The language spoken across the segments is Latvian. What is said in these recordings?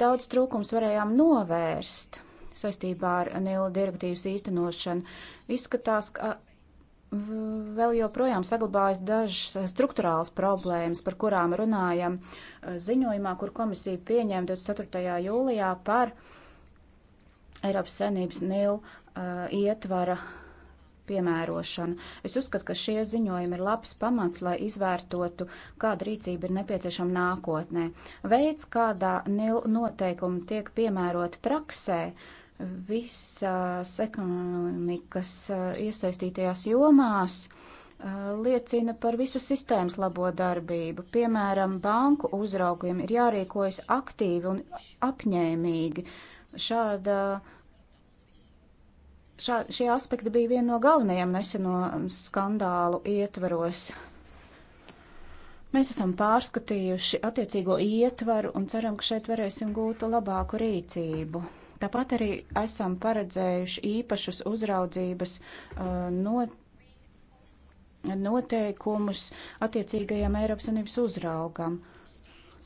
Daudz trūkums varējām novērst saistībā ar NIL direktīvas īstenošanu. Izskatās, ka uh, vēl joprojām saglabājas dažas uh, struktūrāls problēmas, par kurām runājam uh, ziņojumā, kur komisija pieņēma 24. jūlijā par Eiropas senības NIL uh, ietvara uh, piemērošanu. Es uzskatu, ka šie ziņojumi ir labs pamats, lai izvērtotu, kāda rīcība ir nepieciešama nākotnē. Veids, kādā NIL noteikumi tiek piemēroti praksē, visās ekonomikas eh, iesaistītajās jomās, eh, liecina par visu sistēmas labo darbību. Piemēram, banku uzraugiem ir jārīkojas aktīvi un apņēmīgi. Šāda uh, Šā, šie aspekti bija viena no galvenajiem neseno skandālu ietvaros. Mēs esam pārskatījuši attiecīgo ietvaru un ceram, ka šeit varēsim gūt labāku rīcību. Tāpat arī esam paredzējuši īpašus uzraudzības uh, no, noteikumus attiecīgajam Eiropas Unības uzraugam. Uh,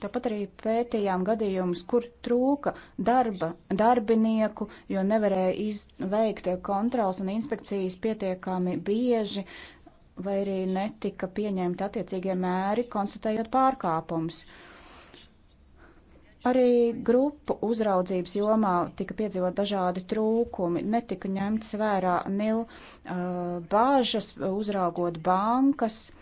Tāpat arī pētījām gadījumus, kur trūka darba darbinieku, jo nevarēja izveikt kontrols un inspekcijas pietiekami bieži, vai arī netika pieņemti attiecīgie mēri, konstatējot pārkāpumus. Arī grupu uzraudzības jomā tika piedzīvot dažādi trūkumi, netika ņemts vērā nil uh, bāžas, uzraugot bankas. Uh,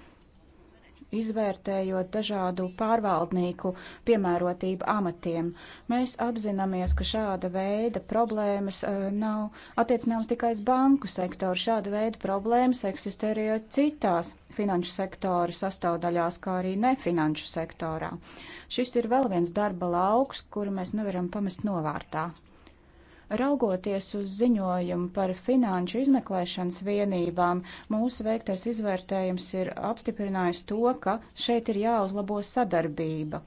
izvērtējot dažādu pārvaldnieku piemērotību amatiem. Mēs apzināmies, ka šāda veida problēmas eh, nav attiecināmas tikai uz banku sektoru. Šāda veida problēmas eksistē arī citās finanšu sektora sastāvdaļās, kā arī nefinanšu sektorā. Šis ir vēl viens darba lauks, kuru mēs nevaram pamest novārtā. Raugoties uz ziņojumu par finanšu izmeklēšanas vienībām, mūsu veiktais izvērtējums ir apstiprinājis to, ka šeit ir jāuzlabo sadarbība.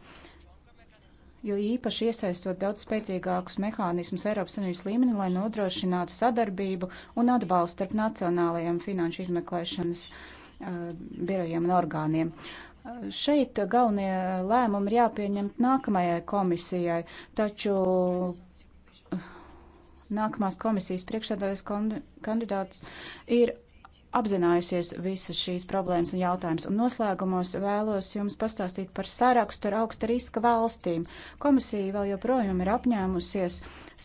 Jo īpaši iesaistot daudz spēcīgākus mehānismus Eiropas Savienības līmenī, lai nodrošinātu sadarbību un atbalstu starp nacionālajiem finanšu izmeklēšanas uh, birojiem un orgāniem. Uh, šeit galvenie lēmumi ir jāpieņem nākamajai komisijai, taču nākamās komisijas priekšsēdājas kandidāts ir apzinājusies visas šīs problēmas un jautājumus. Un noslēgumos vēlos jums pastāstīt par sarakstu ar augsta riska valstīm. Komisija vēl joprojām ir apņēmusies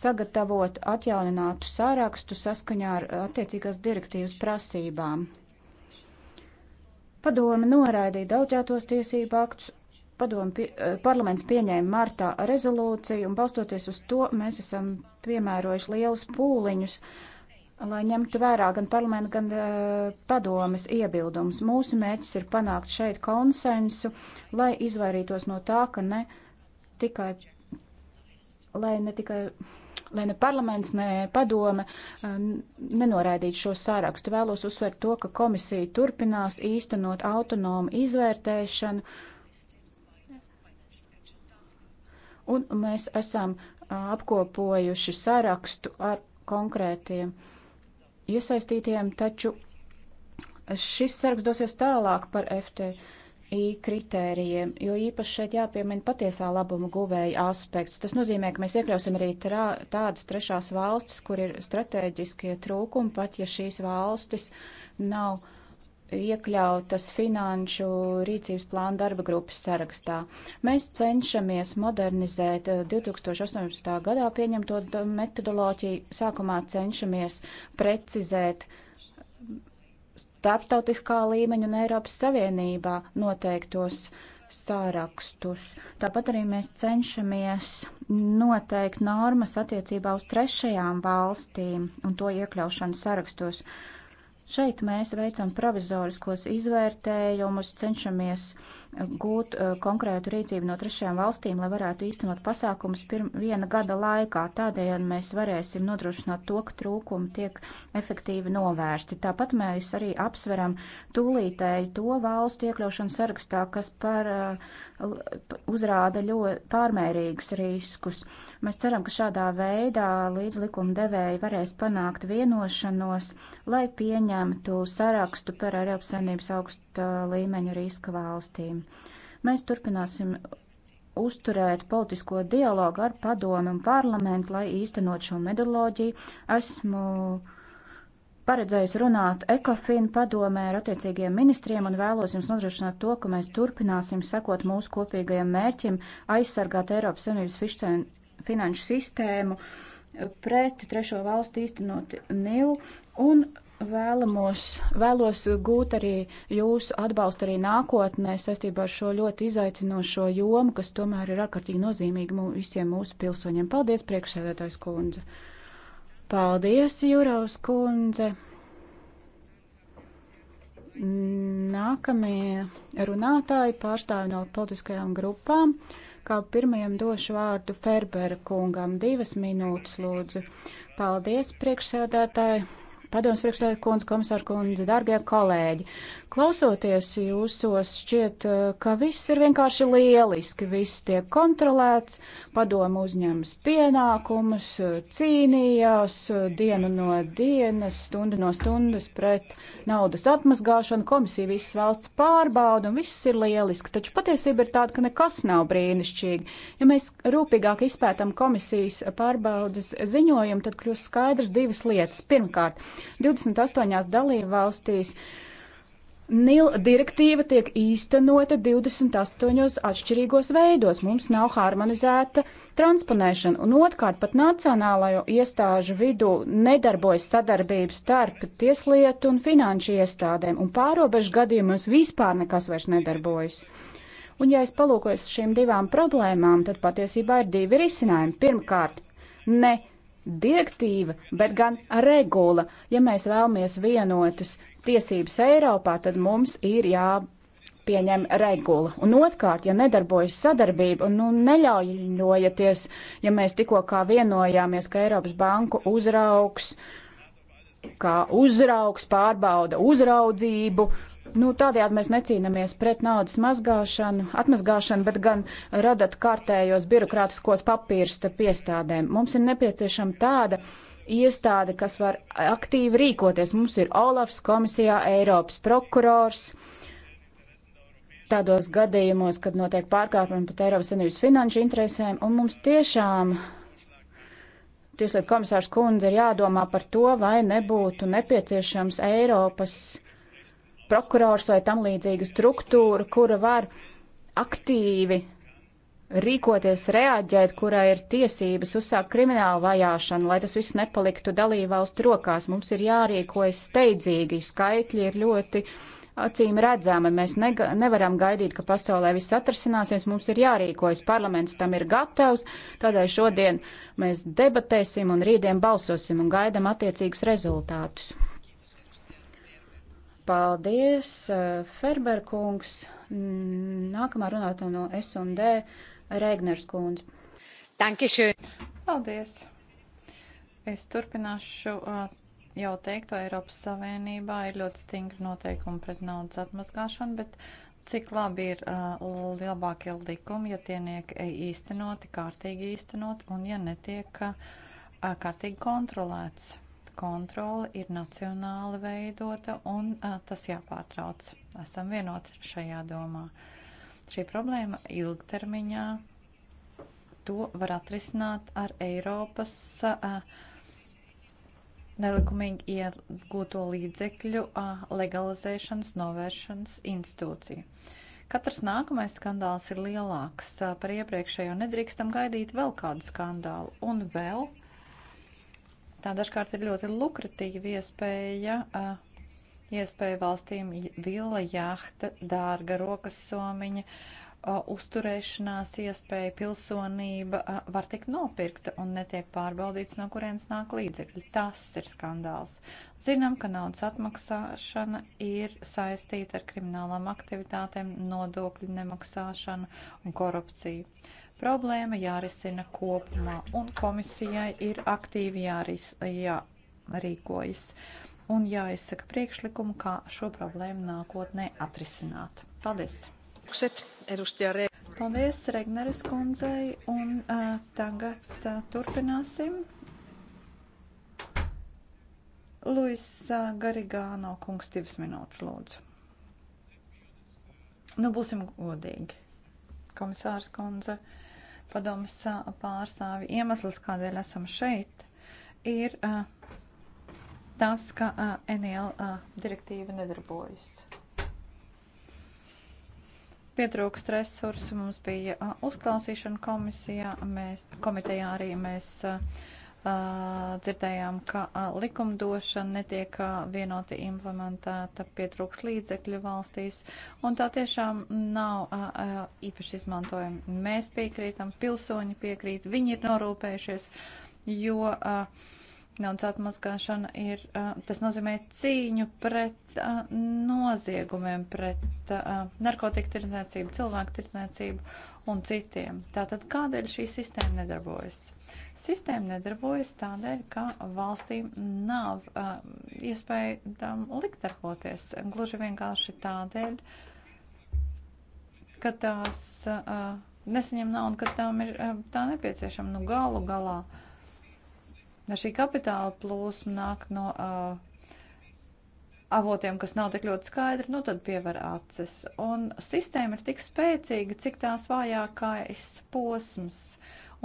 sagatavot atjauninātu sarakstu saskaņā ar attiecīgās direktīvas prasībām. Padome noraidīja daudzētos tiesību aktus Padomu pie, eh, parlaments pieņēma martā rezolūciju, un balstoties uz to mēs esam piemērojuši lielus pūliņus, lai ņemtu vērā gan parlamenta, gan uh, eh, padomas iebildumus. Mūsu mērķis ir panākt šeit konsensu, lai izvairītos no tā, ka ne tikai, lai ne tikai lai ne parlaments, ne padome eh, nenoraidītu šo sārakstu. Vēlos uzsvērt to, ka komisija turpinās īstenot autonomu izvērtēšanu un mēs esam apkopojuši sarakstu ar konkrētiem iesaistītiem, taču šis saraksts dosies tālāk par FTI kritērijiem, jo īpaši šeit jāpiemina patiesā labuma guvēja aspekts. Tas nozīmē, ka mēs iekļausim arī trā, tādas trešās valstis, kur ir strateģiskie trūkumi, pat ja šīs valstis nav uh, iekļautas finanšu rīcības plāna darba grupas sarakstā. Mēs cenšamies modernizēt 2018. Eh, gadā pieņemto metodoloģiju. Sākumā cenšamies precizēt starptautiskā līmeņa un Eiropas Savienībā noteiktos sārakstus. Tāpat arī mēs cenšamies noteikt normas attiecībā uz trešajām valstīm un to iekļaušanu sarakstos. Uh, Šeit mēs veicam provizoriskos izvērtējumus, cenšamies uh, gūt eh, konkrētu rīcību no trešajām valstīm, lai varētu īstenot pasākumus viena gada laikā. Tādējādi mēs varēsim nodrošināt to, ka trūkumi tiek efektīvi novērsti. Tāpat mēs arī apsveram tūlītēju to valstu iekļaušanu sarakstā, kas par, eh, uzrāda ļoti pārmērīgus riskus. Mēs ceram, ka šādā veidā līdz likuma devēji varēs panākt vienošanos, lai pieņemtu sarakstu par Eiropas Savienības augstu Uh, līmeņu riska valstīm. Mēs turpināsim uzturēt politisko dialogu ar padomu un parlamentu, lai īstenot šo metodoloģiju. Esmu paredzējis runāt ECOFIN padomē ar attiecīgiem ministriem un vēlos jums nodrošināt to, ka mēs turpināsim sekot mūsu kopīgajiem mērķim aizsargāt Eiropas Savienības finanšu sistēmu pret trešo valstu īstenot NIL un vēlamos, vēlos gūt arī jūsu atbalstu arī nākotnē saistībā ar šo ļoti izaicinošo jomu, kas tomēr ir ārkārtīgi nozīmīga mū, visiem mūsu pilsoņiem. Paldies, priekšsēdētājs kundze! Paldies, Jūraus kundze! Nākamie runātāji pārstāv no politiskajām grupām. Kā pirmajam došu vārdu Ferbera kungam. Divas minūtes, lūdzu. Paldies, priekšsēdētāji! Padoms priekšstādā kundze, komisāra kundze, dargie kolēģi. Klausoties jūsos, šķiet, eh, ka viss ir vienkārši lieliski, viss tiek kontrolēts, padomu uzņemas pienākumus, eh, cīnījās eh, dienu no dienas, stundu no stundas pret naudas atmazgāšanu, komisija visas valsts pārbauda un viss ir lieliski. Taču patiesība ir tāda, ka nekas nav brīnišķīgi. Ja mēs rūpīgāk izpētam komisijas pārbaudas ziņojumu, tad kļūst skaidrs divas lietas. Pirmkārt, 28 dalībvalstīs. Nila direktīva tiek īstenota 28 atšķirīgos veidos. Mums nav harmonizēta transponēšana, un otrkārt pat nacionālajo iestāžu vidū nedarbojas sadarbības starp tieslietu un finanšu iestādēm, un pārobežu gadījumos vispār nekas vairs nedarbojas. Un ja es palūkojos šīm divām problēmām, tad patiesībā ir divi risinājumi. Pirmkārt, ne direktīva, bet gan regula. Ja mēs vēlamies vienotas tiesības Eiropā, tad mums ir jāpieņem regula. Un otrkārt, ja nedarbojas sadarbība un nu, neļaujoties, ja mēs tikko kā vienojāmies, ka Eiropas banku uzraugs, kā uzraugs pārbauda uzraudzību, Nu, tādējādi mēs necīnāmies pret naudas mazgāšanu, atmazgāšanu, bet gan radat kārtējos birokrātiskos papīrsta piestādēm. Mums ir nepieciešama tāda iestāde, kas var aktīvi rīkoties. Mums ir Olafs komisijā, Eiropas prokurors. Tādos gadījumos, kad notiek pārkāpumi pat Eiropas Savienības finanšu interesēm, un mums tiešām Tieslietu komisārs kundze ir jādomā par to, vai nebūtu nepieciešams Eiropas prokurors vai tam līdzīgu struktūru, kura var aktīvi rīkoties, reaģēt, kurai ir tiesības uzsākt kriminālu vajāšanu, lai tas viss nepaliktu dalībvalstu rokās. Mums ir jārīkojas steidzīgi, skaitļi ir ļoti acīm redzami. Mēs nega, nevaram gaidīt, ka pasaulē viss atrasināsies, mums ir jārīkojas, parlaments tam ir gatavs, tādēļ šodien mēs debatēsim un rītdien balsosim un gaidam attiecīgus rezultātus. Paldies, eh, Ferberkungs. Nākamā runātā no S&D, Reigners kundze. Dankišu. Paldies. Es turpināšu eh, jau teikto, Eiropas Savienībā ir ļoti stingri noteikumi pret naudas atmazgāšanu, bet cik labi ir uh, eh, labākie likumi, ja tie tiek īstenoti, kārtīgi īstenot un ja netiek uh, kārtīgi kontrolēts kontrole ir nacionāli veidota un tas jāpārtrauc. Esam vienoti šajā domā. Šī problēma ilgtermiņā to var atrisināt ar Eiropas nelikumīgi iegūto līdzekļu legalizēšanas novēršanas institūciju. Katrs nākamais skandāls ir lielāks par iepriekšējo. Nedrīkstam gaidīt vēl kādu skandālu un vēl Tā dažkārt ir ļoti lukratīva iespēja, iespēja valstīm vila, jahta, dārga rokas somiņa, uzturēšanās iespēja, pilsonība var tikt nopirkta un netiek pārbaudīts, no kurienes nāk līdzekļi. Tas ir skandāls. Zinām, ka naudas atmaksāšana ir saistīta ar kriminālām aktivitātēm, nodokļu nemaksāšanu un korupciju. Problēma jārisina kopumā, un komisijai ir aktīvi jāris, jārīkojas un jāizsaka priekšlikumu, kā šo problēmu nākotnē atrisināt. Paldies! Paldies Regneres kundzei, un uh, tagad uh, turpināsim. Luis uh, Garigāno kungs divas minūtes lūdzu. Nu, būsim godīgi. Komisārs kundze. Uh, padomas pārstāvi. Iemesls, kādēļ esam šeit, ir uh, tas, ka uh, NL uh, direktīva nedarbojas. Pietrūkst resursu, mums bija uh, uzklausīšana komisijā, mēs, komitejā arī mēs. Uh, dzirdējām, ka likumdošana netiek vienoti implementēta, pietrūks līdzekļu valstīs, un tā tiešām nav īpaši izmantojama. Mēs piekrītam, pilsoņi piekrīt, viņi ir norūpējušies, jo naudas atmazgāšana ir, tas nozīmē cīņu pret noziegumiem, pret narkotiku tirdzniecību, cilvēku tirdzniecību un citiem. Tātad kādēļ šī sistēma nedarbojas? Sistēma nedarbojas tādēļ, ka valstīm nav uh, iespēja tam likt darboties. Gluži vienkārši tādēļ, ka tās uh, nesaņem naudu, kas tām ir uh, tā nepieciešama. Nu, galu galā šī kapitāla plūsma nāk no. Uh, avotiem, kas nav tik ļoti skaidri, nu tad piever acis. Un sistēma ir tik spēcīga, cik tās vājākais posms.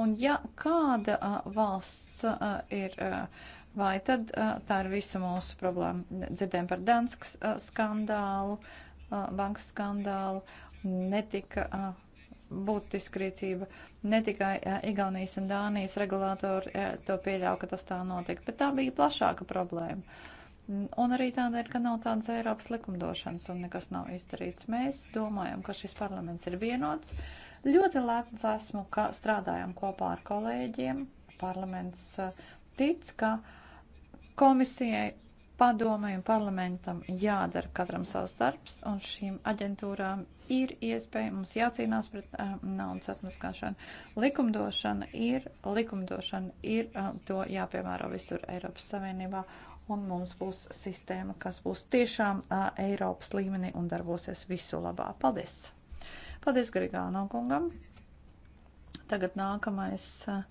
Un ja kāda valsts ir vai tad tā ir visa mūsu problēma. Dzirdējām par Danskas skandālu, bankas skandālu, netika būtiska rīcība. Ne tikai Igaunijas un Dānijas regulātori to pieļāva, ka tas tā notika, bet tā bija plašāka problēma. Un arī tāda ir, ka nav tādas Eiropas likumdošanas un nekas nav izdarīts. Mēs domājam, ka šis parlaments ir vienots. Uh, Ļoti lepns esmu, ka strādājam kopā ar kolēģiem. Parlaments eh, tic, ka komisijai, padomai un parlamentam jādara katram savs darbs, un šīm aģentūrām ir iespēja mums jācīnās pret uh, naudas atmaskāšanu. Likumdošana ir, likumdošana ir, uh, to jāpiemēro visur Eiropas Savienībā, un mums būs sistēma, kas būs tiešām Eiropas līmenī un darbosies visu labā. Paldies! Paldies Grigāno kungam. Tagad nākamais eh,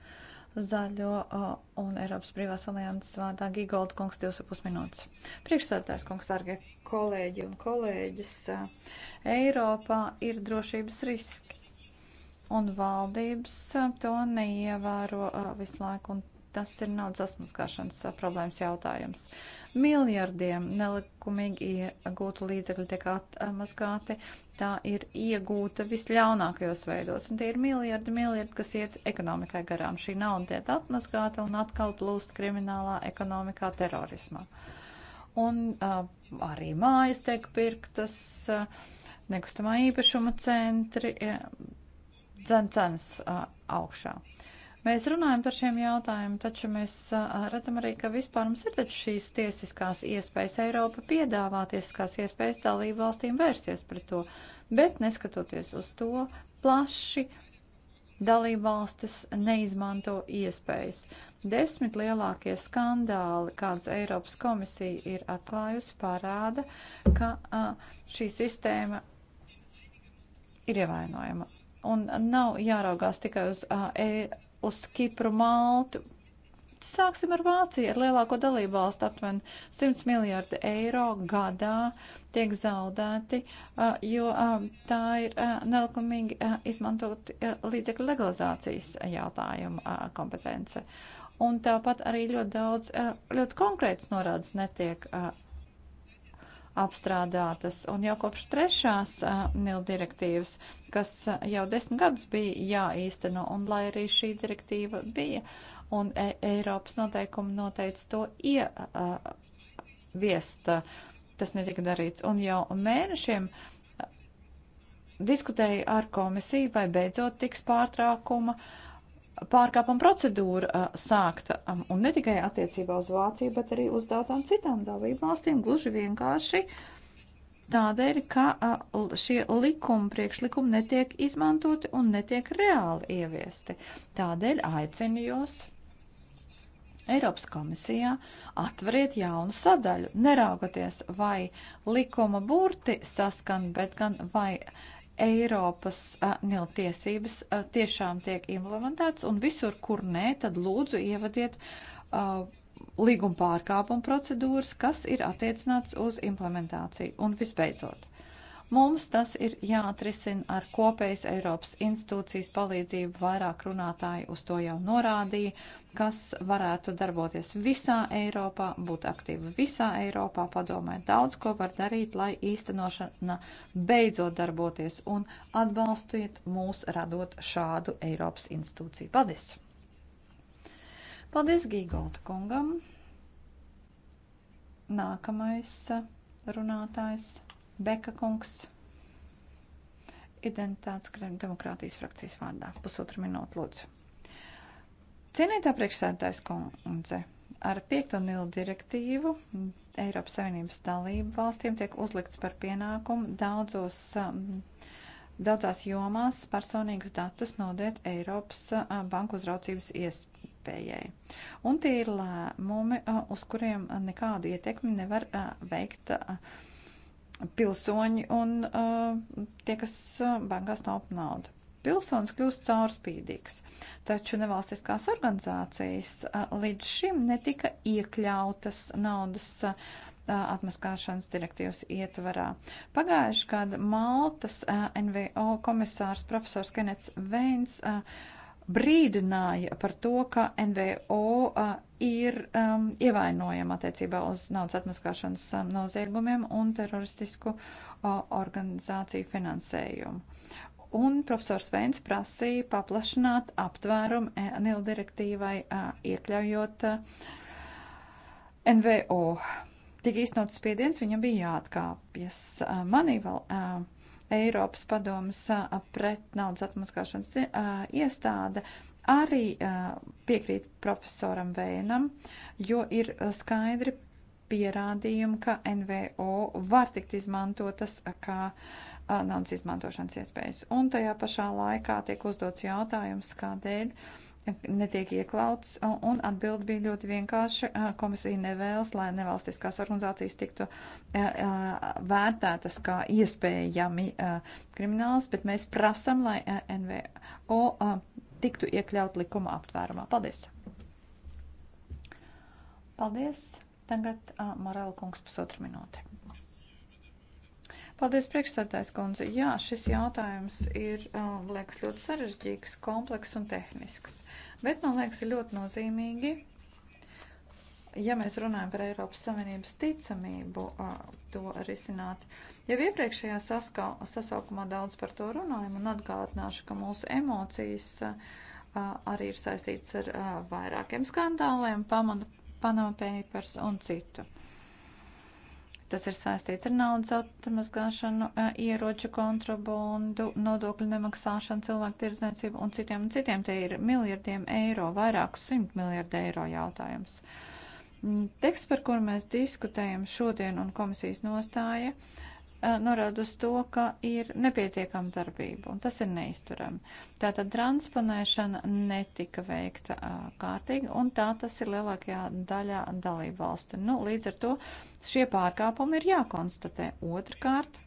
zaļo eh, un Eiropas brīvās alianses vārdā Gigolda kungs 2,5 minūtes. Priekšsēdētājs kungs, dārgie kolēģi un kolēģis, eh, Eiropā ir drošības riski un valdības to neievēro visu laiku un Tas ir naudas atmaskāšanas problēmas jautājums. Miljardiem nelikumīgi iegūtu līdzekļu tiek atmaskāti. Tā ir iegūta visļaunākajos veidos. Un tie ir miljardi, miljardi, kas iet ekonomikai garām. Šī nauda tiek atmaskāta un atkal plūst kriminālā ekonomikā terorismā. Un uh, arī mājas tiek pirktas, uh, nekustamā īpašuma centri, uh, dzen cenas uh, augšā. Mēs runājam par šiem jautājumiem, taču mēs redzam arī, ka vispār mums ir taču šīs tiesiskās iespējas. Eiropa piedāvā tiesiskās iespējas dalību valstīm vērsties pret to, bet neskatoties uz to, plaši dalībvalstis neizmanto iespējas. Desmit lielākie skandāli, kādas Eiropas komisija ir atklājusi, parāda, ka a, šī sistēma ir ievainojama. Un nav jāraugās tikai uz a, e, uz Kipru, Maltu. Sāksim ar Vāciju, ar lielāko dalību valstu aptuveni 100 miljārdi eiro gadā tiek zaudēti, jo tā ir nelikumīgi izmantot līdzekļu legalizācijas jautājumu kompetence. Un tāpat arī ļoti daudz, ļoti konkrēts norādes netiek apstrādātas. Un jau kopš trešās NIL direktīvas, kas jau desmit gadus bija jāīsteno, un lai arī šī direktīva bija, un e Eiropas noteikumi noteica to ieviest, tas netika darīts. Un jau mēnešiem diskutēja ar komisiju, vai beidzot tiks pārtraukuma. Uh, pārkāpuma procedūra uh, sākta, um, un ne tikai attiecībā uz Vāciju, bet arī uz daudzām citām dalību valstīm, gluži vienkārši tādēļ, ka uh, šie likumi, priekšlikumi netiek izmantoti un netiek reāli ieviesti. Tādēļ aicinu jūs Eiropas komisijā atveriet jaunu sadaļu, neraugoties vai likuma burti saskan, bet gan vai uh, Eiropas nil tiesības tiešām tiek implementētas, un visur, kur nē, tad lūdzu ievadiet uh, līguma pārkāpuma procedūras, kas ir attiecināts uz implementāciju. Un visbeidzot, Mums tas ir jāatrisina ar kopējas Eiropas institūcijas palīdzību. Vairāk runātāji uz to jau norādīja, kas varētu darboties visā Eiropā, būt aktīva visā Eiropā. Padomē daudz ko var darīt, lai īstenošana beidzot darboties un atbalstiet mūs radot šādu Eiropas institūciju. Paldies! Paldies Gīgolda kungam. Nākamais runātājs Beka kungs. Identitātes krēma demokrātijas frakcijas vārdā. Pusotru minūtu lūdzu. Cienītā priekšsēdētājs kundze, ar 5. nilu direktīvu Eiropas Savienības dalību valstīm tiek uzlikts par pienākumu daudzos, um, daudzās jomās personīgus datus nodēt Eiropas uh, banku uzraucības iespējai. Un tie ir lēmumi, uh, uz kuriem uh, nekādu ietekmi nevar veikt. Uh, pilsoņi un uh, tie, kas eh, bankās taupa naudu. Pilsonis kļūst caurspīdīgs, taču nevalstiskās organizācijas uh, līdz šim netika iekļautas naudas uh, atmaskāšanas direktīvas ietvarā. Pagājuši gada Maltas NVO komisārs profesors Kenets Veins uh, brīdināja par to, ka NVO ir um, ievainojama attiecībā uz naudas atmaskāšanas um, noziegumiem un teroristisku uh, organizāciju finansējumu. Un profesors Veins prasīja paplašināt aptvērumu e NIL direktīvai, uh, iekļaujot uh, NVO. Tik īstenots spiediens viņam bija jāatkāpjas. Uh, manī vēl uh, Eiropas padomas pret naudas atmaskāšanas iestāde arī piekrīt profesoram Vēnam, jo ir skaidri pierādījumu, ka NVO var tikt izmantotas kā naudas izmantošanas iespējas. Un tajā pašā laikā tiek uzdots jautājums, kādēļ netiek ieklauts, un atbild bija ļoti vienkārši. Komisija nevēlas, lai nevalstiskās organizācijas tiktu vērtētas kā iespējami krimināls, bet mēs prasam, lai NVO tiktu iekļaut likuma aptvērumā. Paldies! Paldies! Tagad uh, Morāla kungs pusotru minūti. Paldies, priekšstādājs kundze. Jā, šis jautājums ir, uh, liekas, ļoti sarežģīgs, kompleks un tehnisks. Bet, man liekas, ir ļoti nozīmīgi, ja mēs runājam par Eiropas Savienības ticamību, uh, to risināt. Jau iepriekšējā saskau, sasaukumā daudz par to runājam un atgādināšu, ka mūsu emocijas uh, arī ir saistītas ar vairākiem skandāliem, pamatu Panama Papers un citu. Tas ir saistīts ar naudas atmazgāšanu, eh, ieroču kontrabandu, nodokļu nemaksāšanu, cilvēku tirdzniecību un citiem un citiem. Tie ir miljardiem eiro, vairāku simt miljardu eiro jautājums. Mm, teksts, par kuru mēs diskutējam šodien un komisijas nostāja, uh, norāda uz to, ka ir nepietiekama darbība, un tas ir neizturami. Tātad transponēšana netika veikta kārtīgi, un tā tas ir lielākajā daļā dalību valstu. Nu, līdz ar to šie pārkāpumi ir jākonstatē. Otrkārt,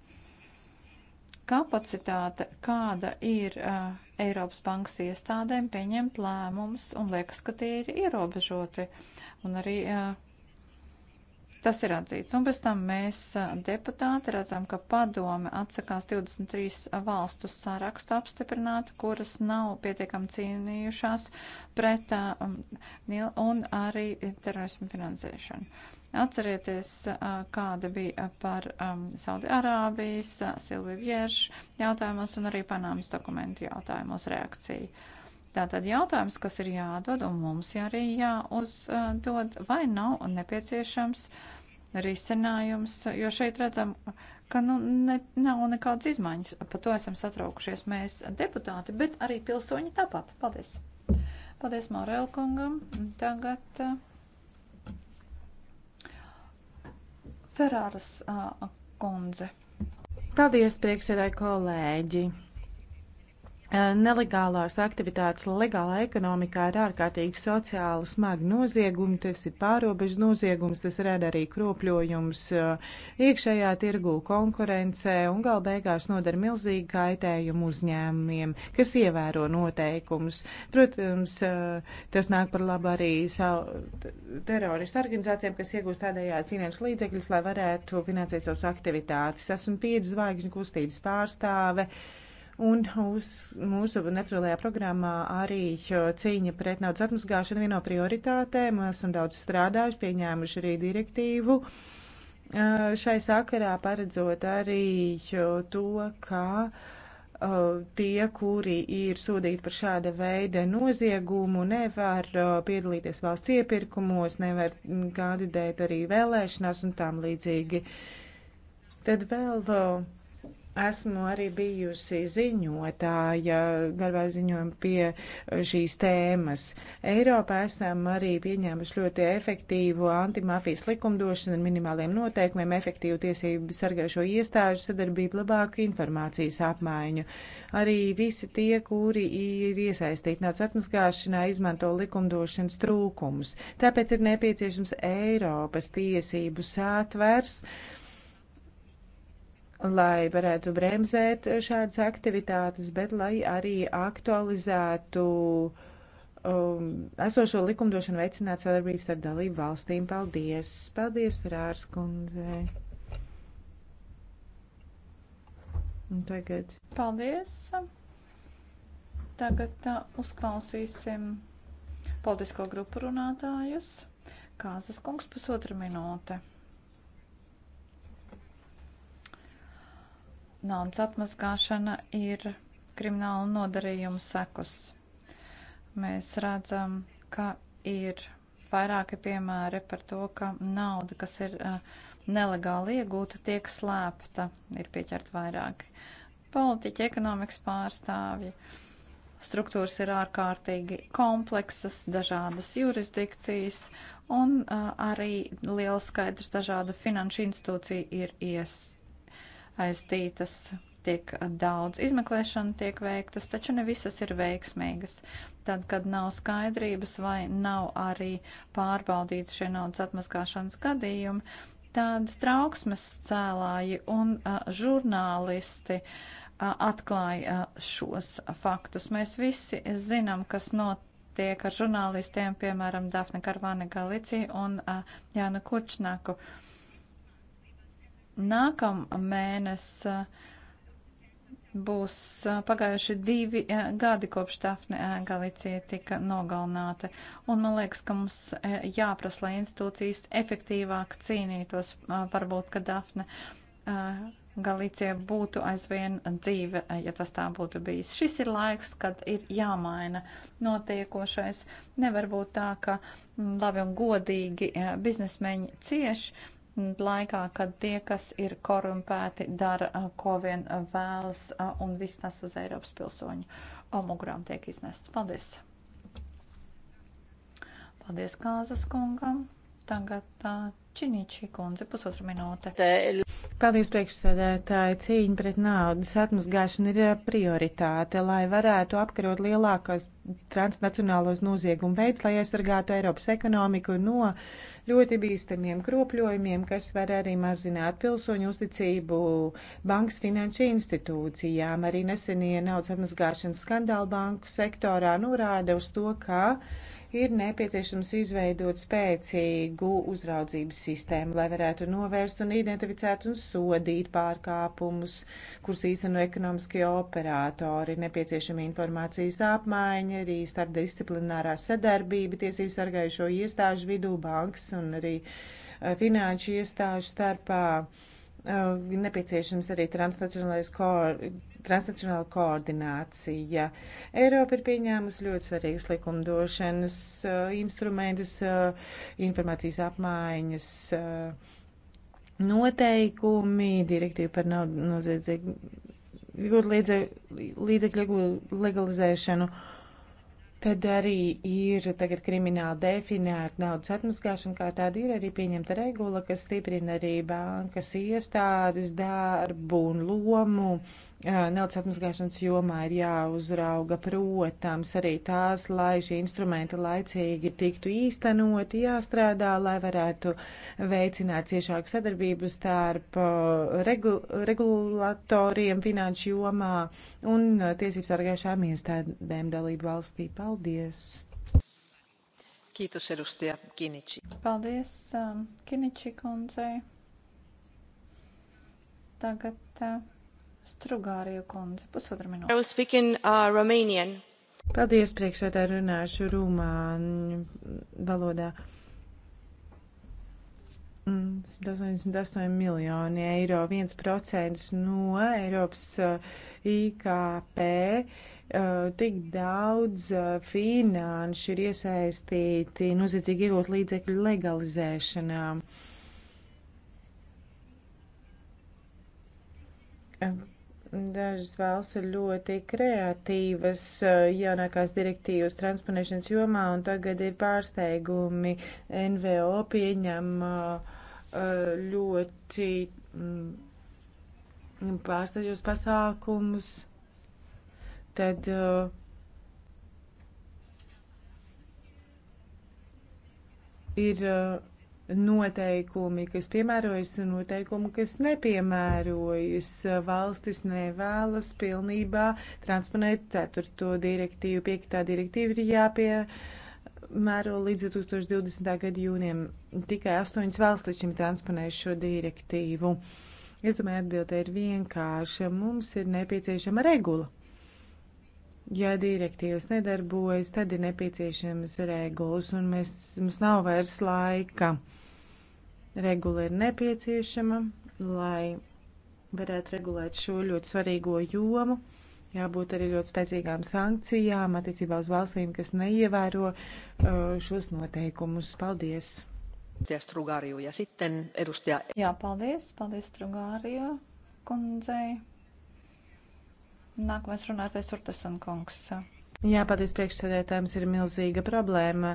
kapacitāte, kāda ir uh, Eiropas bankas iestādēm pieņemt lēmumus, un liekas, ka tie ir ierobežoti. Un arī uh, Tas ir atzīts. Un bez tam mēs deputāti redzam, ka padome atsakās 23 valstu sarakstu apstiprināt, kuras nav pietiekami cīnījušās pret un arī terorismu finansēšanu. Atcerieties, kāda bija par Saudi-Arābijas, Silviju Vieršu jautājumos un arī Panāmas dokumentu jautājumos reakcija. Tātad jautājums, kas ir jādod un mums arī jāuzdod, vai nav nepieciešams uh, risinājums, jo šeit redzam, ka nu, ne, nav nekādas izmaiņas. Par to esam satraukušies mēs deputāti, bet arī pilsoņi tāpat. Paldies! Paldies Maurēl kungam. Tagad uh, Ferāras uh, kundze. Paldies, priekšsēdāji kolēģi! Eh, nelegālās aktivitātes legālā ekonomikā ir ārkārtīgi sociāli smagi noziegumi, tas ir pārobežu noziegums, tas rada arī kropļojums eh, iekšējā tirgū konkurencē un gal beigās nodara milzīgu kaitējumu uzņēmumiem, kas ievēro noteikumus. Protams, eh, tas nāk par labu arī teroristu organizācijām, kas iegūst tādējādi finanšu līdzekļus, lai varētu finansēt savas aktivitātes. Esmu piecu zvaigžņu kustības pārstāve. Uh, Un uz mūsu nacionālajā programmā arī cīņa pret naudas atmazgāšanu vieno prioritātēm. Esam daudz strādājuši, pieņēmuši arī direktīvu. Šai sakarā paredzot arī to, ka tie, kuri ir sodīti par šāda veida noziegumu, nevar piedalīties valsts iepirkumos, nevar kandidēt arī vēlēšanās un tām līdzīgi. Tad vēl Esmu arī bijusi ziņotāja, garbā ziņojuma pie šīs tēmas. Eiropā esam arī pieņēmuši ļoti efektīvu antimafijas likumdošanu ar minimāliem noteikumiem, efektīvu tiesību sargājušo iestāžu sadarbību, labāku informācijas apmaiņu. Arī visi tie, kuri ir iesaistīti naudas atmaskāšanā, izmanto likumdošanas trūkumus. Tāpēc ir nepieciešams Eiropas tiesību sātvers. Uh, lai varētu bremzēt šādas aktivitātes, bet lai arī aktualizētu um, esošo likumdošanu, veicinātu sadarbības ar dalību valstīm. Paldies! Paldies, Ferārs kundze! Un tagad. Paldies! Tagad tā, uh, uzklausīsim politisko grupu runātājus. Kāzas kungs pusotra minūte. naudas atmazgāšana ir krimināla nodarījuma sekus. Mēs redzam, ka ir vairāki piemēri par to, ka nauda, kas ir eh, nelegāli iegūta, tiek slēpta, ir pieķert vairāki politiķi, ekonomikas pārstāvji. Struktūras ir ārkārtīgi kompleksas, dažādas jurisdikcijas un uh, arī liels skaidrs dažādu finanšu institūciju ir ies, aiztītas, tiek daudz izmeklēšana tiek veiktas, taču ne visas ir veiksmīgas. Tad, kad nav skaidrības vai nav arī pārbaudīti šie naudas atmaskāšanas gadījumi, tad trauksmes cēlāji un a, žurnālisti a, atklāja a, šos faktus. Mēs visi zinām, kas notiek ar žurnālistiem, piemēram, Dafne Karvāne Galici un a, Jānu Kučnaku. A, Nākamēnes būs pagājuši divi gadi kopš Dafne Galicija tika nogalnāta. Un man liekas, ka mums jāprasa, lai institūcijas efektīvāk cīnītos, varbūt, ka Dafne Galicija būtu aizvien dzīve, ja tas tā būtu bijis. Šis ir laiks, kad ir jāmaina notiekošais. Nevar būt tā, ka mm, labi un godīgi biznesmeņi cieši laikā, kad tie, kas ir korumpēti, dara, ko vien vēlas, un viss tas uz Eiropas pilsoņu mugurām tiek iznests. Paldies! Paldies Kāzas kungam! Tagad Činīčī kundze pusotru minūte. Tēļ. Paldies, priekšsēdētāji. Cīņa pret naudas atmazgāšanu ir eh, prioritāte, lai varētu apkarot lielākos transnacionālos noziegumu veids, lai aizsargātu Eiropas ekonomiku no ļoti bīstamiem kropļojumiem, kas var arī mazināt pilsoņu uzticību bankas finanšu institūcijām. Arī nesenie naudas atmazgāšanas skandāli banku sektorā norāda uz to, ka ir nepieciešams izveidot spēcīgu uzraudzības sistēmu, lai varētu novērst un identificēt un sodīt pārkāpumus, kurus īsteno ekonomiskie operātori. Ir nepieciešama informācijas apmaiņa, arī starpdisciplinārā sadarbība tiesību sargājušo iestāžu vidū, bankas un arī eh, finanšu iestāžu starpā eh, nepieciešams arī transnacionālais transnacionāla koordinācija. Eiropa ir pieņēmusi ļoti svarīgas likumdošanas uh, instrumentus, uh, informācijas apmaiņas uh, noteikumi, direktīva par noziedzīgu līdzekļu legalizēšanu. Uh, Tad arī ir tagad krimināli definēta naudas atmaskāšana, kā tāda ir arī pieņemta regula, kas stiprina arī bankas iestādes darbu un lomu. Naudas atmaskāšanas jomā ir jāuzrauga, protams, arī tās, lai šī instrumenta laicīgi tiktu īstenoti, jāstrādā, lai varētu veicināt ciešāku sadarbību starp regu regulatoriem finanšu jomā un tiesības argājušām iestādēm dalību valstī. Paldies! Paldies! Kītus edustaja Kiniči. Paldies um, Kiniči kundzei. Tagad uh, Strugārija kundze, pusotra minūte. I will speak in uh, Romanian. Paldies, priekšsēdētāji, runāšu rumāņu valodā. 88 mm, miljoni eiro, 1% no Eiropas uh, IKP Eh, tik daudz eh, finanšu ir iesaistīti noziedzīgi iegūt līdzekļu legalizēšanā. Eh, dažas valsts ir ļoti kreatīvas jaunākās direktīvas transponēšanas jomā, un tagad ir pārsteigumi. NVO pieņem ļoti mm, pārsteidzošus pasākumus tad uh, ir uh, noteikumi, kas piemērojas un noteikumi, kas nepiemērojas. Valstis nevēlas pilnībā transponēt 4. direktīvu, 5. direktīvu ir jāpiemēro līdz 2020. gada jūniem. Tikai 8 valsts līdz šim transponēs šo direktīvu. Es domāju, atbildē ir vienkārša. Mums ir nepieciešama regula Ja direktīvas nedarbojas, tad ir nepieciešamas regulas, un mēs, mums nav vairs laika. Regula ir nepieciešama, lai varētu regulēt šo ļoti svarīgo jomu. Jābūt arī ļoti spēcīgām sankcijām attiecībā uz valstīm, kas neievēro uh, šos noteikumus. Paldies! Jā, paldies! Paldies, Strugārijo kundzei! Nākamais runātais Urtas un kungs. Jā, paties priekšsēdētājums ir milzīga problēma.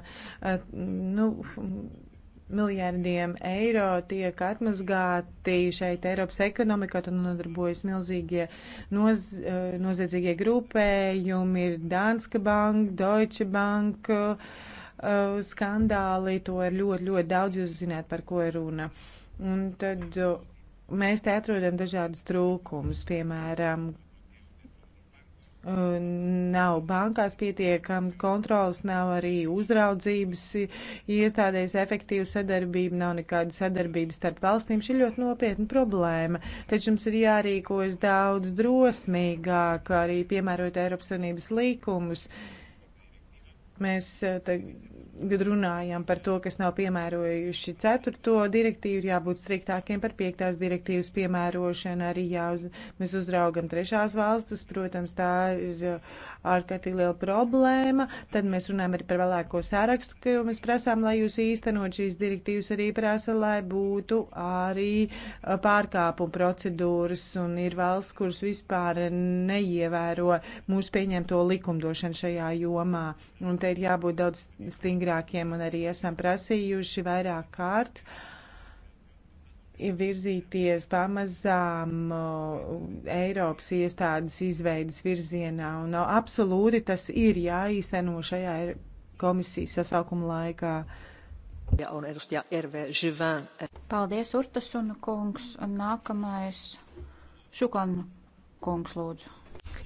Uh, nu, miljardiem eiro tiek atmazgāti šeit Eiropas ekonomikā, tad nodarbojas milzīgie noz, noziedzīgie grupējumi, ir Danska Bank, Deutsche Bank, uh, skandāli, to ir ļoti, ļoti daudz, jūs zināt, par ko ir runa. Un tad mēs te atrodam dažādus trūkumus, piemēram, nav bankās pietiekami kontrolas, nav arī uzraudzības iestādēs efektīva sadarbība, nav nekāda sadarbības starp valstīm. Šī ļoti nopietna problēma. Taču mums ir jārīkojas daudz drosmīgāk, arī piemērot Eiropas Savienības līkumus. Mēs eh, kad runājam par to, kas nav piemērojuši ceturto direktīvu, ir jābūt striktākiem par piektās direktīvas piemērošanu, arī jāuz, mēs uzraugam trešās valstis, protams, tā ir ārkārtīgi liela problēma. Tad mēs runājam arī par vēlēko sārakstu, ka jau mēs prasām, lai jūs īstenot šīs direktīvas arī prasa, lai būtu arī pārkāpuma procedūras un ir valsts, kuras vispār neievēro mūsu pieņemto likumdošanu šajā jomā. Un te ir jābūt daudz stingrākiem un arī esam prasījuši vairāk kārt. Uh, virzīties pamazām Eiropas iestādes izveidas virzienā, un absolūti tas ir jāīsteno šajā er, komisijas sasaukuma laikā. Paldies, Urtasuna kungs, un nākamais Šukana kungs lūdzu.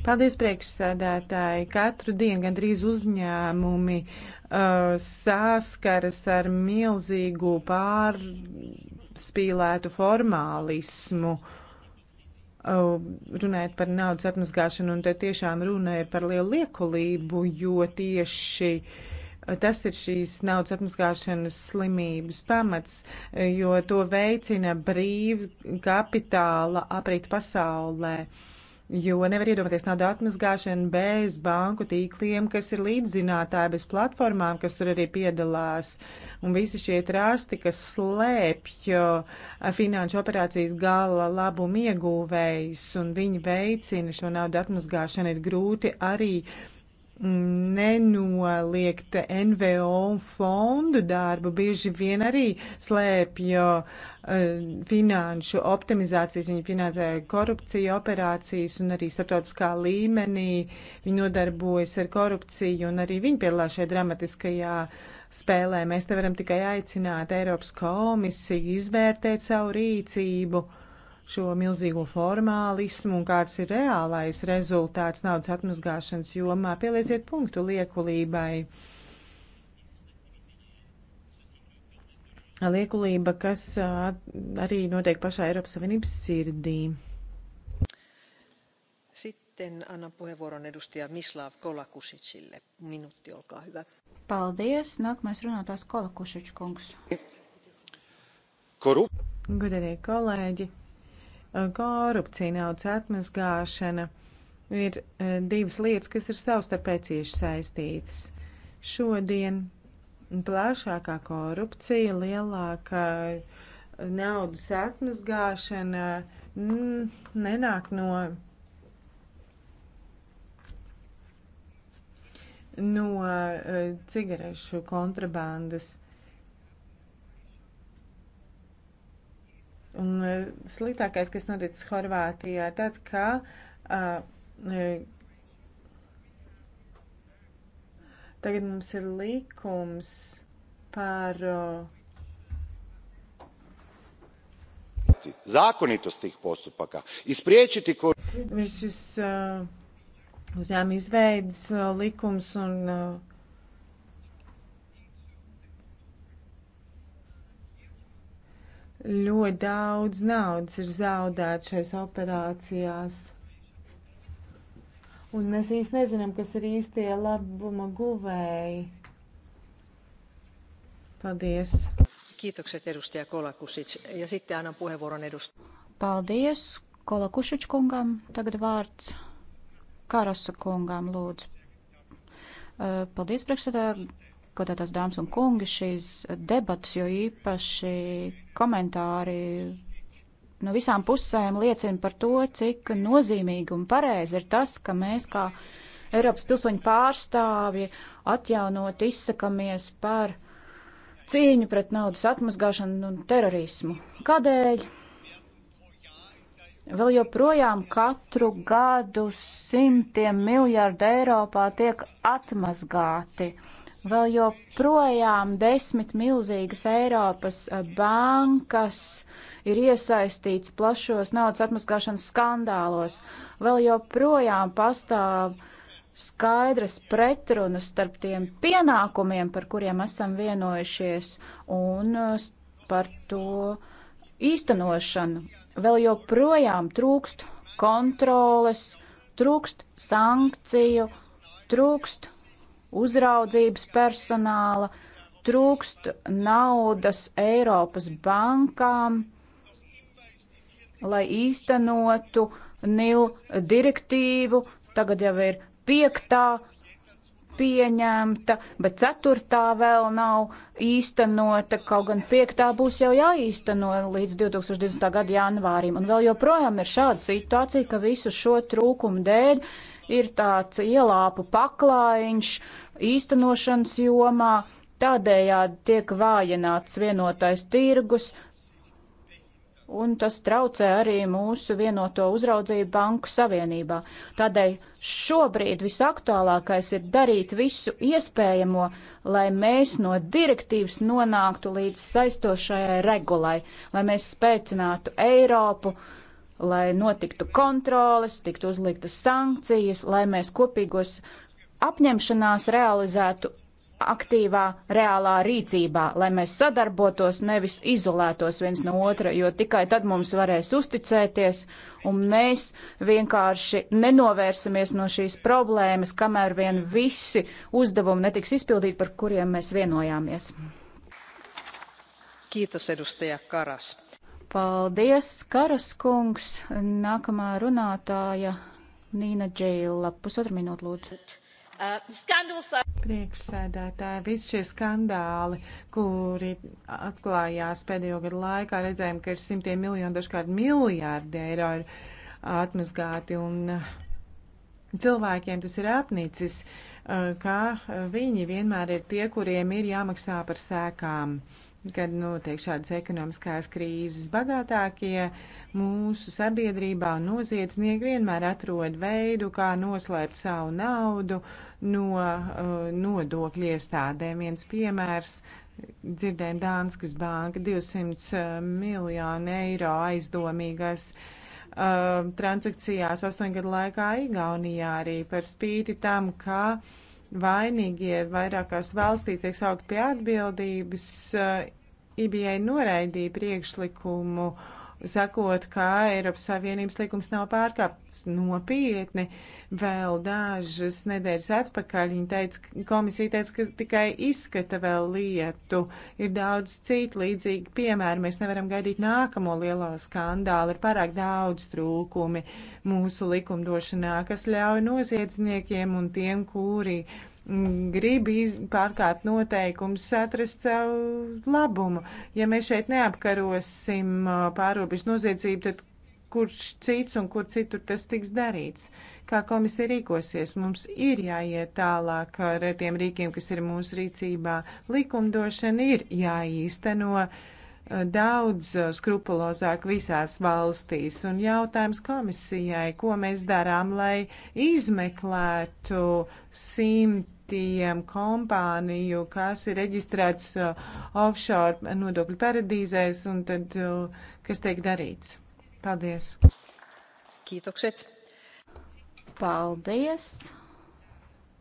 Paldies, priekšsēdētāji. Katru dienu gandrīz uzņēmumi uh, saskaras ar milzīgu pār spīlētu formālismu. Uh, runājot par naudas atmazgāšanu, un te tiešām runa ir par lielu liekulību, jo tieši uh, Tas ir šīs naudas atmaskāšanas slimības pamats, uh, jo to veicina brīva kapitāla aprīt pasaulē. Uh, Jo nevar iedomāties naudu atmazgāšanu bez banku tīkliem, kas ir līdzzinātāji, bez platformām, kas tur arī piedalās. Un visi šie trāsti, kas slēpj finanšu operācijas gala labumu ieguvējs un viņi veicina šo naudu atmazgāšanu, ir grūti arī uh, nenoliegt NVO un fondu darbu, bieži vien arī slēpj uh, eh, finanšu optimizācijas, viņi finansē korupciju operācijas un arī starptautiskā līmenī viņi nodarbojas ar korupciju un arī viņi piedalās šajā dramatiskajā spēlē. Mēs te varam tikai aicināt Eiropas komisiju izvērtēt savu rīcību. Uh, šo milzīgo formālismu un kāds ir reālais rezultāts naudas atmazgāšanas jomā. Pielieciet punktu liekulībai. Liekulība, kas arī notiek pašā Eiropas Savienības sirdī. Sitten annan puheenvuoron edustaja Mislav Kolakusicille. Minuutti, olkaa hyvä. Paldies. Nākamais runātājs Kolakusic kungs. Korup. Godētie kolēģi, Korupcija, naudas atmazgāšana ir eh, divas lietas, kas ir savstarpēji cieši saistītas. Šodien plašākā korupcija, lielākā eh, naudas atmazgāšana mm, nenāk no no uh, cigarešu kontrabandas. Un e, sliktākais, kas noticis Horvātijā, ir tāds, ka uh, tagad mums ir likums par. Uh, zakonitost tih postupaka i spriječiti korupciju. Šis uh, uzņēmuma izveids uh, likums un uh, Ļoti daudz naudas ir zaudēts šajās operācijās. Un mēs īsti nezinām, kas ir īstie labuma guvēji. Paldies. Kiitokset edustaja Kolakusic. Ja sitten annan puheenvuoron edustaja. Paldies Kolakusic kungam. Tagad vārds Karasa kungam lūdzu. Paldies, priekšsēdētāji godātās dāmas un kungi, šīs debatas, jo īpaši komentāri no visām pusēm liecina par to, cik nozīmīgi un pareizi ir tas, ka mēs kā Eiropas pilsoņu pārstāvji atjaunot izsakamies par cīņu pret naudas atmazgāšanu un terorismu. Kādēļ? Vēl joprojām katru gadu simtiem miljārdu Eiropā tiek atmazgāti. Uh, Vēl joprojām desmit milzīgas Eiropas eh, bankas ir iesaistīts plašos naudas atmaskāšanas skandālos. Vēl joprojām pastāv skaidras pretrunas starp tiem pienākumiem, par kuriem esam vienojušies, un eh, par to īstenošanu. Vēl joprojām trūkst kontroles, trūkst sankciju, trūkst uzraudzības personāla, trūkst naudas Eiropas bankām, lai īstenotu NIL direktīvu. Tagad jau ir piektā pieņemta, bet ceturtā vēl nav īstenota, kaut gan piektā būs jau jāīsteno līdz 2020. gada janvārim. Un vēl joprojām ir šāda situācija, ka visu šo trūkumu dēļ ir tāds ielāpu paklājiņš īstenošanas jomā, tādējādi tiek vājināts vienotais tirgus, un tas traucē arī mūsu vienoto uzraudzību banku savienībā. Tādēļ šobrīd visaktuālākais ir darīt visu iespējamo, lai mēs no direktīvas nonāktu līdz saistošajai regulai, lai mēs spēcinātu Eiropu, uh, lai notiktu kontroles, tiktu uzliktas sankcijas, lai mēs kopīgos apņemšanās realizētu aktīvā, reālā rīcībā, lai mēs sadarbotos, nevis izolētos viens no otra, jo tikai tad mums varēs uzticēties, un mēs vienkārši nenovērsimies no šīs problēmas, kamēr vien visi uzdevumi netiks izpildīti, par kuriem mēs vienojāmies. Kītos, edustaja Karas. Paldies, Karas kungs. Nākamā runātāja Nīna Džēla. Pusotru minūtu lūdzu. Skandals. Priekšsēdētāji, visi šie skandāli, kuri atklājās pēdējo gadu laikā, redzējām, ka ir simtiem miljonu, dažkārt miljārdi eiro ir atmazgāti un uh, cilvēkiem tas ir apnicis, uh, ka viņi vienmēr ir tie, kuriem ir jāmaksā par sēkām. Uh, kad notiek šādas ekonomiskās krīzes, bagātākie mūsu sabiedrībā un noziedznieki vienmēr atrod veidu, kā noslēpt savu naudu no uh, nodokļu iestādēm. Viens piemērs dzirdējām Dānskas banka 200 uh, miljonu eiro aizdomīgas. Uh, transakcijās astoņgadu laikā Igaunijā arī par spīti tam, ka uh, vainīgie vairākās valstīs tiek saukt pie atbildības, uh, IBA noraidīja priekšlikumu, sakot, ka Eiropas Savienības likums nav pārkāpts nopietni. Vēl dažas nedēļas atpakaļ viņa teica, komisija teica, ka tikai izskata vēl lietu. Ir daudz citu līdzīgi piemēru. Mēs nevaram gaidīt nākamo lielo skandālu. Ir pārāk daudz trūkumi mūsu likumdošanā, kas ļauj noziedzniekiem un tiem, kuri grib pārkāpt noteikumus, atrast sev labumu. Ja mēs šeit neapkarosim pārobežu noziedzību, tad kurš cits un kur citur tas tiks darīts? Kā komisija rīkosies? Mums ir jāiet tālāk ar tiem rīkiem, kas ir mūsu rīcībā. Likumdošana ir jāīsteno daudz skrupulozāk visās valstīs. Un jautājums komisijai, ko mēs darām, lai izmeklētu simt simtiem kompāniju, kas ir reģistrēts uh, offshore nodokļu paradīzēs, un tad uh, kas tiek darīts? Paldies! Kītokšet! Paldies!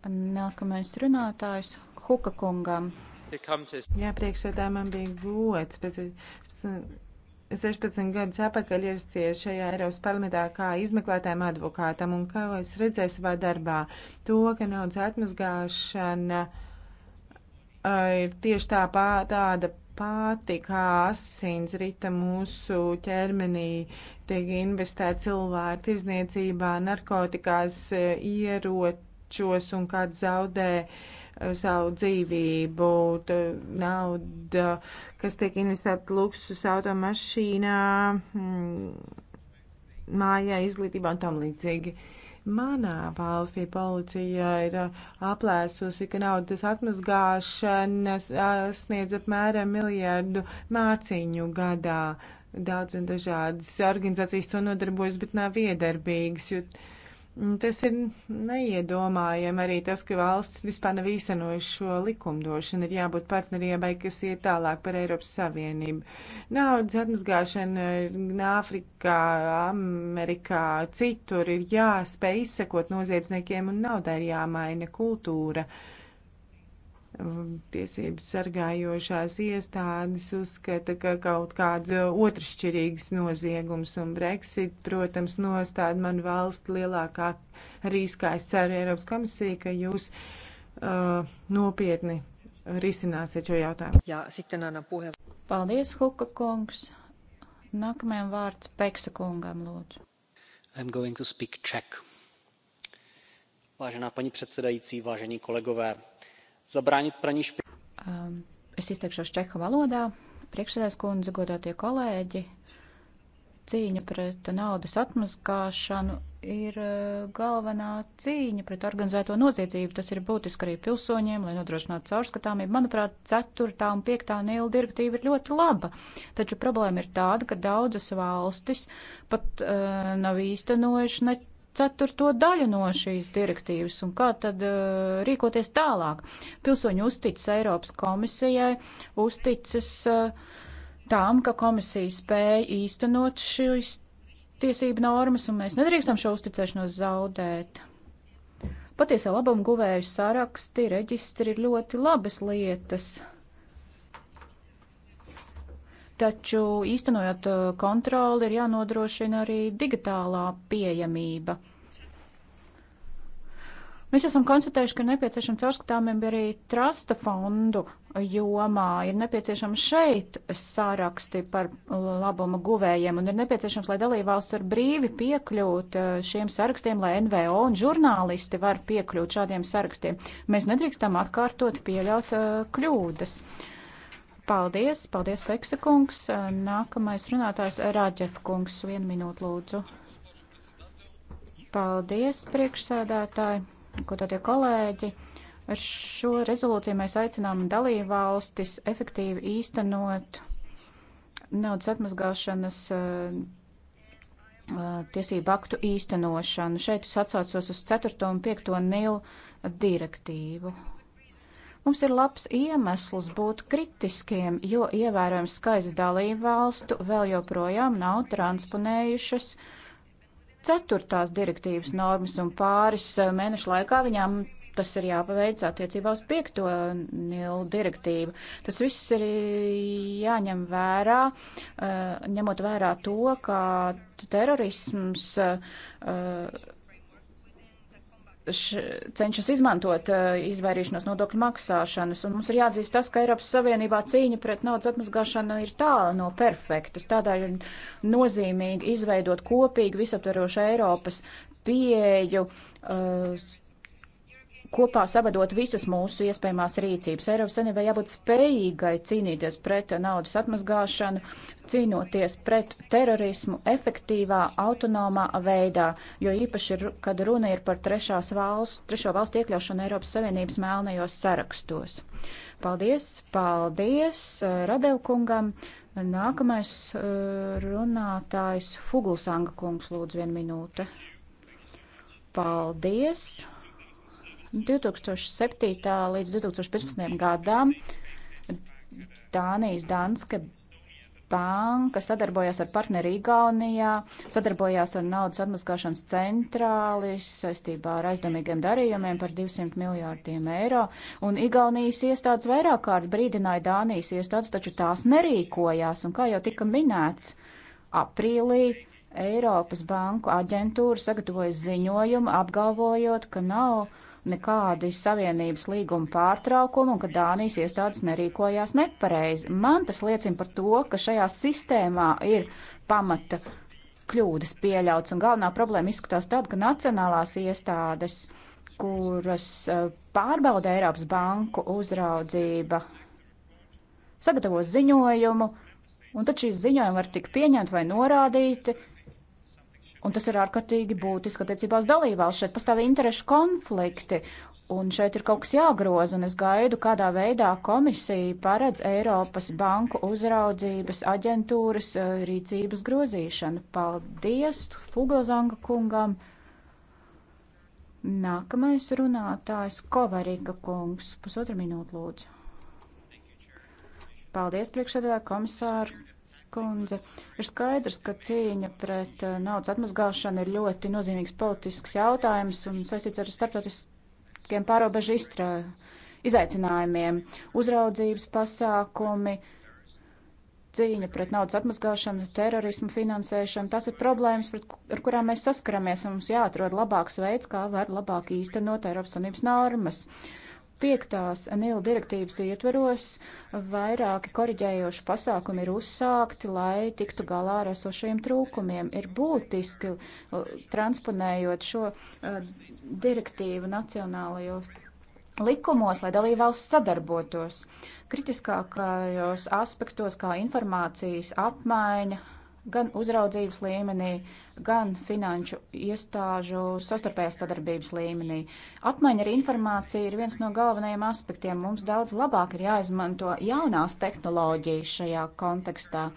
Nākamais runātājs Huka kungam. Jā, priekšsēdā man bija gods pēc 16 gadus atpakaļ ierasties šajā Eiropas parlamentā kā izmeklētājiem advokātam un kā es redzēju savā darbā, to, ka naudas atmazgāšana uh, ir tieši tā pā, tāda pati, kā asins rita mūsu ķermenī, tiek investēta cilvēku tirzniecībā, narkotikās, ieročos un kāds zaudē uh, Eh, savu dzīvību. Tā nauda, kas tiek investēta luksus automašīnā, mm, mājā, izglītībā un tam līdzīgi. Manā valstī policija ir aplēsusi, ka naudas atmazgāšanas sniedz apmēram miljardu mārciņu gadā. Daudz un dažādas organizācijas to nodarbojas, bet nav iedarbīgas, jo Tas ir neiedomājami arī tas, ka valsts vispār nav īstenojuši šo likumdošanu. Ir jābūt partnerībai, kas iet tālāk par Eiropas Savienību. Naudas atmazgāšana Āfrikā, Amerikā, citur ir jāspēj izsekot noziedzniekiem un naudai ir jāmaina kultūra. Uh, tiesību sargājošās iestādes uzskata, ka kaut kāds otršķirīgs noziegums un Brexit, protams, nostāda man valsti lielākā riskā. Es ceru Eiropas komisija, ka jūs uh, nopietni risināsiet šo jautājumu. Jā, Sitenāna Puhe. Paldies, Huka kungs. Nākamajam vārds Peksa kungam, lūdzu. I'm going to speak Czech. Vážená paní předsedající, vážení kolegové, zabránit praní špinavých. Ehm, es izteikšos čehu valodā. Priekšsēdētājas kundze, godātie kolēģi, cīņa pret naudas atmaskāšanu ir eh, galvenā cīņa pret organizēto noziedzību. Tas ir būtiski arī pilsoņiem, lai nodrošinātu caurskatāmību. Manuprāt, 4. un 5. nīla direktīva ir ļoti laba, taču problēma ir tāda, ka daudzas valstis pat uh, nav īstenojuši ne ceturto daļu no šīs direktīvas un kā tad uh, rīkoties tālāk. Pilsoņi uzticas Eiropas komisijai, uzticas uh, tām, ka komisija spēja īstenot šīs tiesību normas un mēs nedrīkstam šo uzticēšanos zaudēt. Patiesā labam guvēju saraksti, reģistri ir ļoti labas lietas taču īstenojot uh, kontroli ir jānodrošina arī digitālā pieejamība. Mēs esam konstatējuši, ka ir nepieciešama caurskatāmība arī trusta fondu jomā. Ir nepieciešama šeit sāraksti par labuma guvējiem un ir nepieciešams, lai dalībvalsts var brīvi piekļūt uh, šiem sarakstiem, lai NVO un žurnālisti var piekļūt šādiem sarakstiem. Mēs nedrīkstam atkārtot pieļaut uh, kļūdas. Uh, Paldies, paldies, Peksa kungs. Nākamais runātājs Rāģef kungs, vienu minūtu lūdzu. Paldies, priekšsēdētāji, ko tātie kolēģi. Ar šo rezolūciju mēs aicinām dalībvalstis efektīvi īstenot naudas atmazgāšanas eh, tiesību aktu īstenošanu. Šeit es atsaucos uz 4. un 5. nilu direktīvu. Mums ir labs iemesls būt kritiskiem, jo ievērojams skaits dalību valstu vēl joprojām nav transponējušas ceturtās direktīvas normas un pāris eh, mēnešu laikā viņām tas ir jāpaveic attiecībā uz piekto nilu direktīvu. Tas viss ir jāņem vērā, eh, ņemot vērā to, ka terorisms eh, š, cenšas izmantot izvairīšanos nodokļu maksāšanas, un mums ir jāatzīst tas, ka Eiropas Savienībā cīņa pret naudas atmazgāšanu ir tālu no perfektas. Tādēļ ir nozīmīgi izveidot kopīgu visaptverošu Eiropas pieeju. Uh, kopā savadot visas mūsu iespējamās rīcības. Eiropas Savienībai jābūt spējīgai cīnīties pret naudas atmazgāšanu, cīnoties pret terorismu efektīvā, autonomā veidā, jo īpaši, kad runa ir par trešās valsts, trešo valstu iekļaušanu Eiropas Savienības melnajos sarakstos. Paldies, paldies Radevkungam. Nākamais eh, runātājs Fuglsanga kungs, lūdzu, vienu minūte. Paldies! 2007. līdz 2015. gadam Dānijas Danske banka sadarbojās ar partneri Igaunijā, sadarbojās ar naudas atmaskāšanas centrāli saistībā ar aizdomīgiem darījumiem par 200 miljārdiem eiro, un Igaunijas iestādes vairāk kārt brīdināja Dānijas iestādes, taču tās nerīkojās, un kā jau tika minēts, aprīlī Eiropas banku aģentūra sagatavoja ziņojumu apgalvojot, ka nav nekādi savienības līguma pārtraukumi un ka Dānijas iestādes nerīkojās nepareizi. Man tas liecina par to, ka šajā sistēmā ir pamata kļūdas pieļauts, un galvenā problēma izskatās tāda, ka nacionālās iestādes, kuras eh, pārbauda Eiropas banku uzraudzība, sagatavos ziņojumu, un tad šīs ziņojumi var tik pieņemt vai norādīti, Un tas ir ārkārtīgi būtiski attiecībās dalībvalsts. Šeit pastāv interešu konflikti, un šeit ir kaut kas jāgroza, un es gaidu, kādā veidā komisija paredz Eiropas banku uzraudzības aģentūras eh, rīcības grozīšanu. Paldies Fuglzanga kungam! Nākamais runātājs Kovarika kungs. Pusotra minūte, lūdzu. Paldies, priekšsēdētāj, komisāri, kundze. Ir skaidrs, ka cīņa pret eh, naudas atmazgāšanu ir ļoti nozīmīgs politisks jautājums un saistīts ar starptautiskiem pārobežu izstrā, izaicinājumiem, uzraudzības pasākumi, cīņa pret naudas atmazgāšanu, terorismu finansēšanu. Tas ir problēmas, pret, ar kurām mēs saskaramies, un mums jāatrod labāks veids, kā var labāk īstenot Eiropas Savienības normas. Uh, piektās NIL direktīvas ietveros vairāki koriģējoši pasākumi ir uzsākti, lai tiktu galā ar esošajiem trūkumiem. Ir būtiski uh, transponējot šo uh, direktīvu nacionālajos likumos, lai dalībvalsts sadarbotos. Kritiskākajos aspektos, kā informācijas apmaiņa, gan uzraudzības līmenī, gan finanšu iestāžu sastarpējās sadarbības līmenī. Apmaiņa ar informāciju ir viens no galvenajiem aspektiem. Mums daudz labāk ir jāizmanto jaunās tehnoloģijas šajā kontekstā,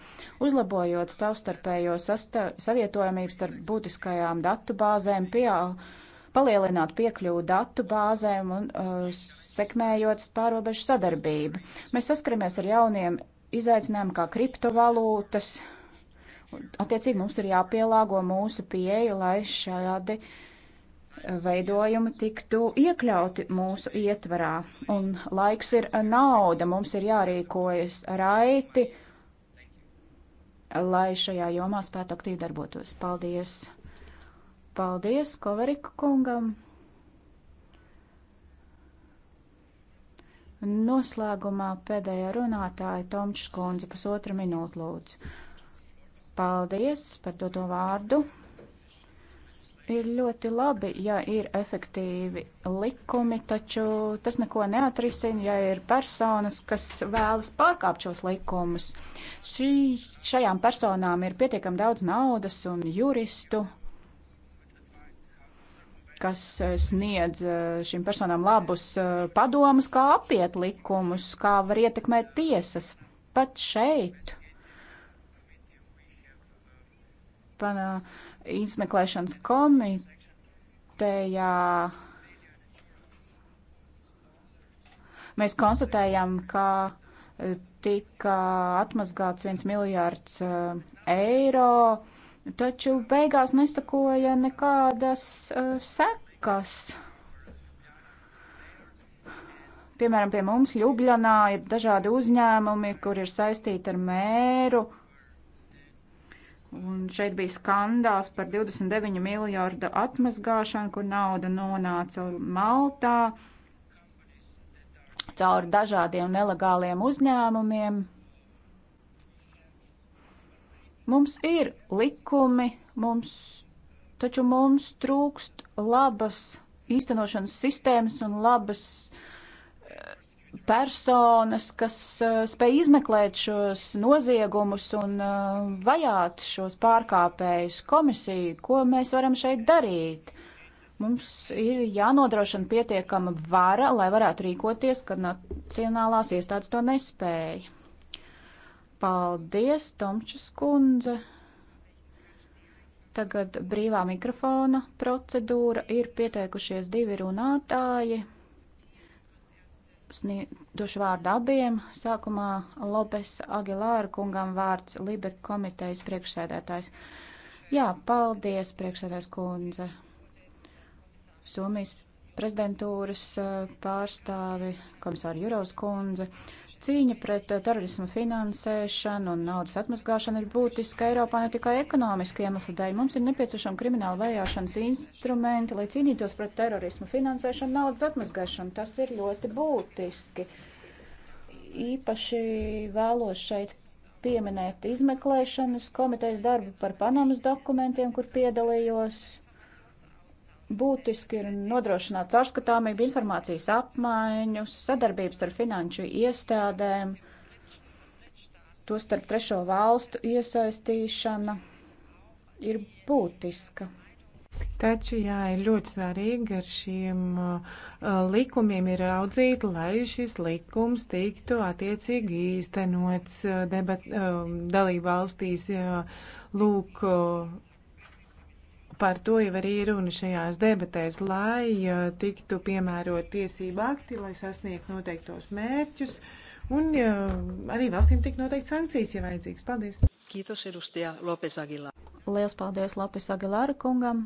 uzlabojot savstarpējo savietojamību starp būtiskajām datu bāzēm, pieaug palielināt piekļuvu datu bāzēm un uh, sekmējot pārobežu sadarbību. Mēs saskaramies ar jauniem izaicinājumiem, kā kriptovalūtas, Attiecīgi mums ir jāpielāgo mūsu pieeja, lai šādi veidojumi tiktu iekļauti mūsu ietvarā. Un laiks ir nauda, mums ir jārīkojas raiti, lai šajā jomā spētu aktīvi darbotos. Paldies! Paldies Kovarika kungam! Noslēgumā pēdējā runātāja Tomčs kundze pusotra minūte lūdzu. Paldies par doto vārdu. Ir ļoti labi, ja ir efektīvi likumi, taču tas neko neatrisina, ja ir personas, kas vēlas pārkāpt šos likumus. Šī, šajām personām ir pietiekami daudz naudas un juristu, kas eh, sniedz eh, šīm personām labus eh, padomus, kā apiet likumus, kā var ietekmēt tiesas. Pat šeit pana izmeklēšanas komitejā mēs konstatējam, ka tika atmazgāts viens miljārds eiro, taču beigās nesakoja nekādas sekas. Piemēram, pie mums Ljubljanā ir dažādi uzņēmumi, kur ir saistīti ar mēru. Un šeit bija skandāls par 29 miljārdu atmazgāšanu, kur nauda nonāca Maltā caur dažādiem nelegāliem uzņēmumiem. Mums ir likumi, mums, taču mums trūkst labas īstenošanas sistēmas un labas uh, personas, kas eh, spēj izmeklēt šos noziegumus un eh, vajāt šos pārkāpējus komisiju, ko mēs varam šeit darīt. Mums ir jānodrošina pietiekama vara, lai varētu rīkoties, kad nacionālās iestādes to nespēja. Paldies, Tomčas kundze. Tagad brīvā mikrofona procedūra ir pieteikušies divi runātāji došu vārdu abiem. Sākumā Lopes Agilāra kungam vārds Libe komitejas priekšsēdētājs. Jā, paldies, priekšsēdētājs kundze. Somijas prezidentūras eh, pārstāvi, komisāra Jurovs kundze. Cīņa pret eh, terorismu finansēšanu un naudas atmazgāšanu ir būtiska Eiropā ne tikai ekonomiski iemesli dēļ. Mums ir nepieciešama krimināla vajāšanas instrumenti, lai cīnītos pret terorismu finansēšanu, naudas atmazgāšanu. Tas ir ļoti būtiski. Īpaši vēlos šeit pieminēt izmeklēšanas komitejas darbu par Panamas dokumentiem, kur piedalījos Būtiski ir nodrošināt caurskatāmību, informācijas apmaiņu, sadarbības ar finanšu iestādēm, to starp trešo valstu iesaistīšana ir būtiska. Taču, jā, ir ļoti svarīgi ar šiem uh, likumiem ir audzīt, lai šis likums tiktu attiecīgi īstenots uh, debat, uh, dalību valstīs. Uh, lūk, uh, Par to jau arī runa šajās debatēs, lai uh, tiktu piemērot tiesību akti, lai sasniegtu noteiktos mērķus, un uh, arī valstīm tik noteikti sankcijas, ja vajadzīgs. Paldies! Kītos ir uz tie Lopes Agilā. Lielas paldies Lopes Agilāra kungam.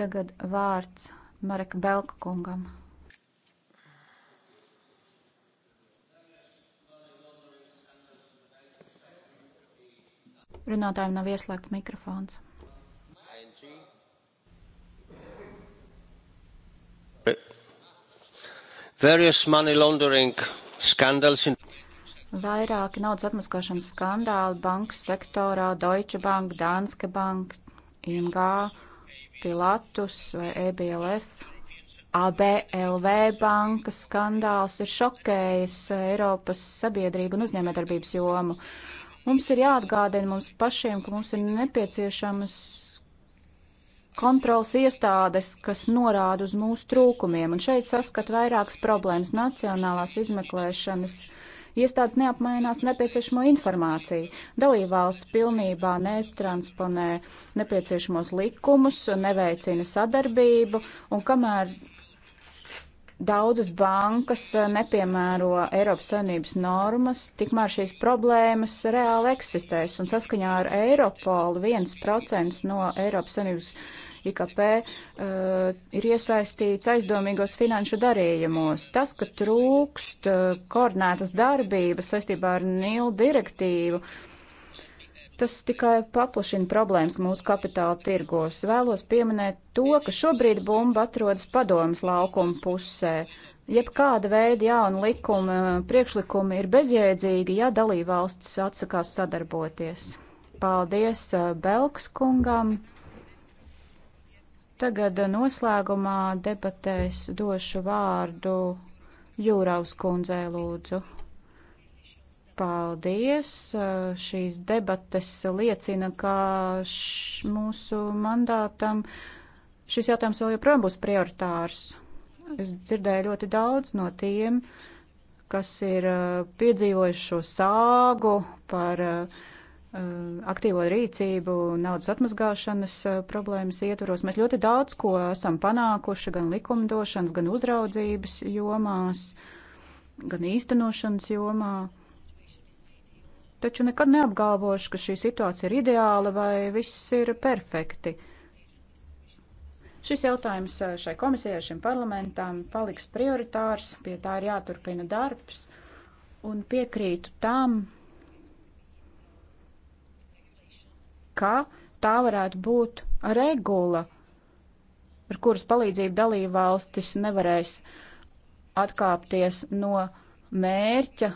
Tagad vārds Marek Belka kungam. Runātājiem nav ieslēgts mikrofons. Various money laundering scandals in Vairāki naudas atmaskošanas skandāli banku sektorā, Deutsche Bank, Danske Bank, IMG, Pilatus vai EBLF. ABLV bankas skandāls ir šokējis Eiropas sabiedrību un uzņēmējdarbības jomu. Mums ir jāatgādina mums pašiem, ka mums ir nepieciešamas kontrols iestādes, kas norāda uz mūsu trūkumiem, un šeit saskat vairākas problēmas nacionālās izmeklēšanas. Iestādes neapmainās nepieciešamo informāciju. Dalībvalsts pilnībā netransponē nepieciešamos likumus, neveicina sadarbību, un kamēr Daudzas bankas eh, nepiemēro Eiropas Savienības normas, tikmēr šīs problēmas reāli eksistēs, un saskaņā ar Eiropolu 1% no Eiropas Savienības IKP uh, eh, ir iesaistīts aizdomīgos finanšu darījumos. Tas, ka trūkst uh, koordinētas darbības saistībā ar NIL direktīvu, uh, Tas tikai paplašina problēmas mūsu kapitāla tirgos. Vēlos pieminēt to, ka šobrīd bumba atrodas padomas laukuma pusē. Jebkāda veida jauna likuma priekšlikumi ir bezjēdzīgi, ja dalībvalstis atsakās sadarboties. Paldies uh, Belks kungam. Tagad uh, noslēgumā debatēs došu vārdu Jūraus kundzei lūdzu. Paldies! Šīs debates liecina, ka š, mūsu mandātam šis jautājums vēl joprojām būs prioritārs. Es dzirdēju ļoti daudz no tiem, kas ir piedzīvojuši šo sāgu par aktīvo rīcību naudas atmazgāšanas problēmas ietvaros. Mēs ļoti daudz ko esam panākuši gan likumdošanas, gan uzraudzības jomās, gan īstenošanas jomā taču nekad neapgalvošu, ka šī situācija ir ideāla vai viss ir perfekti. Šis jautājums eh, šai komisijai, šim parlamentam paliks prioritārs, pie tā ir jāturpina darbs un piekrītu tam, ka tā varētu būt regula, ar kuras palīdzību dalību valstis nevarēs atkāpties no mērķa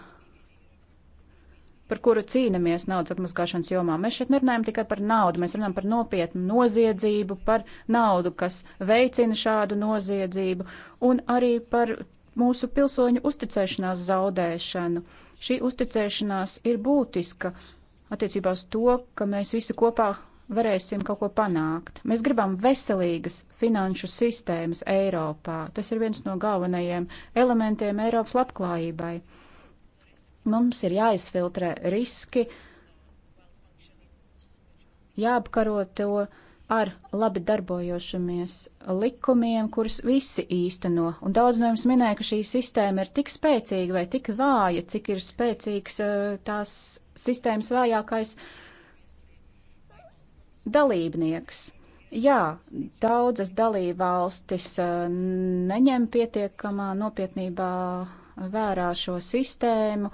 par kuru cīnāmies naudas atmaskāšanas jomā. Mēs šeit nerunājam tikai par naudu, mēs runājam par nopietnu noziedzību, par naudu, kas veicina šādu noziedzību, un arī par mūsu pilsoņu uzticēšanās zaudēšanu. Šī uzticēšanās ir būtiska attiecībā uz to, ka mēs visi kopā varēsim kaut ko panākt. Mēs gribam veselīgas finanšu sistēmas Eiropā. Tas ir viens no galvenajiem elementiem Eiropas labklājībai. Mums ir jāizfiltrē riski, jāapkaro to ar labi darbojošamies likumiem, kurus visi īsteno. Un daudz no jums minēja, ka šī sistēma ir tik spēcīga vai tik vāja, cik ir spēcīgs eh, tās sistēmas vājākais dalībnieks. Jā, daudzas dalībvalstis eh, neņem pietiekamā nopietnībā vērā šo sistēmu.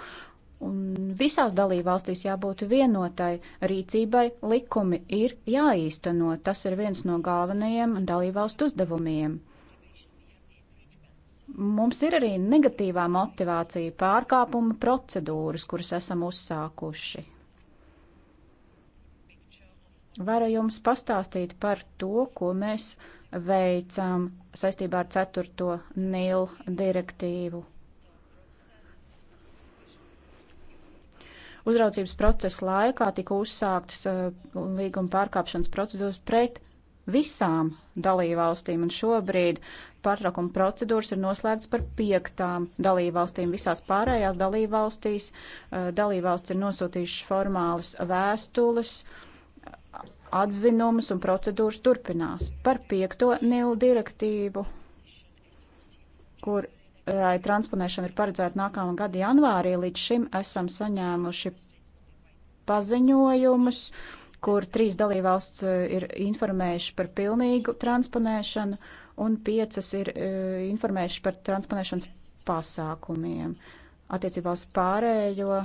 Un visās dalībvalstīs jābūt vienotai rīcībai, likumi ir jāīsteno. Tas ir viens no galvenajiem dalībvalstu uzdevumiem. Mums ir arī negatīvā motivācija pārkāpuma procedūras, kuras esam uzsākuši. Varu jums pastāstīt par to, ko mēs veicam saistībā ar 4. NIL direktīvu. Uzraudzības procesa laikā tika uzsāktas eh, līguma pārkāpšanas procedūras pret visām dalībvalstīm, un šobrīd pārtraukuma procedūras ir noslēgts par piektām dalībvalstīm. Visās pārējās dalībvalstīs eh, dalībvalsts ir nosūtījušas formālus vēstules, atzinumus, un procedūras turpinās par piekto NIL direktīvu, kur tai eh, transponēšana ir paredzēta nākamā gada janvārī. Līdz šim esam saņēmuši paziņojumus, kur trīs dalībvalsts eh, ir informējuši par pilnīgu transponēšanu un piecas ir eh, informējuši par transponēšanas pasākumiem. Attiecībā uz pārējo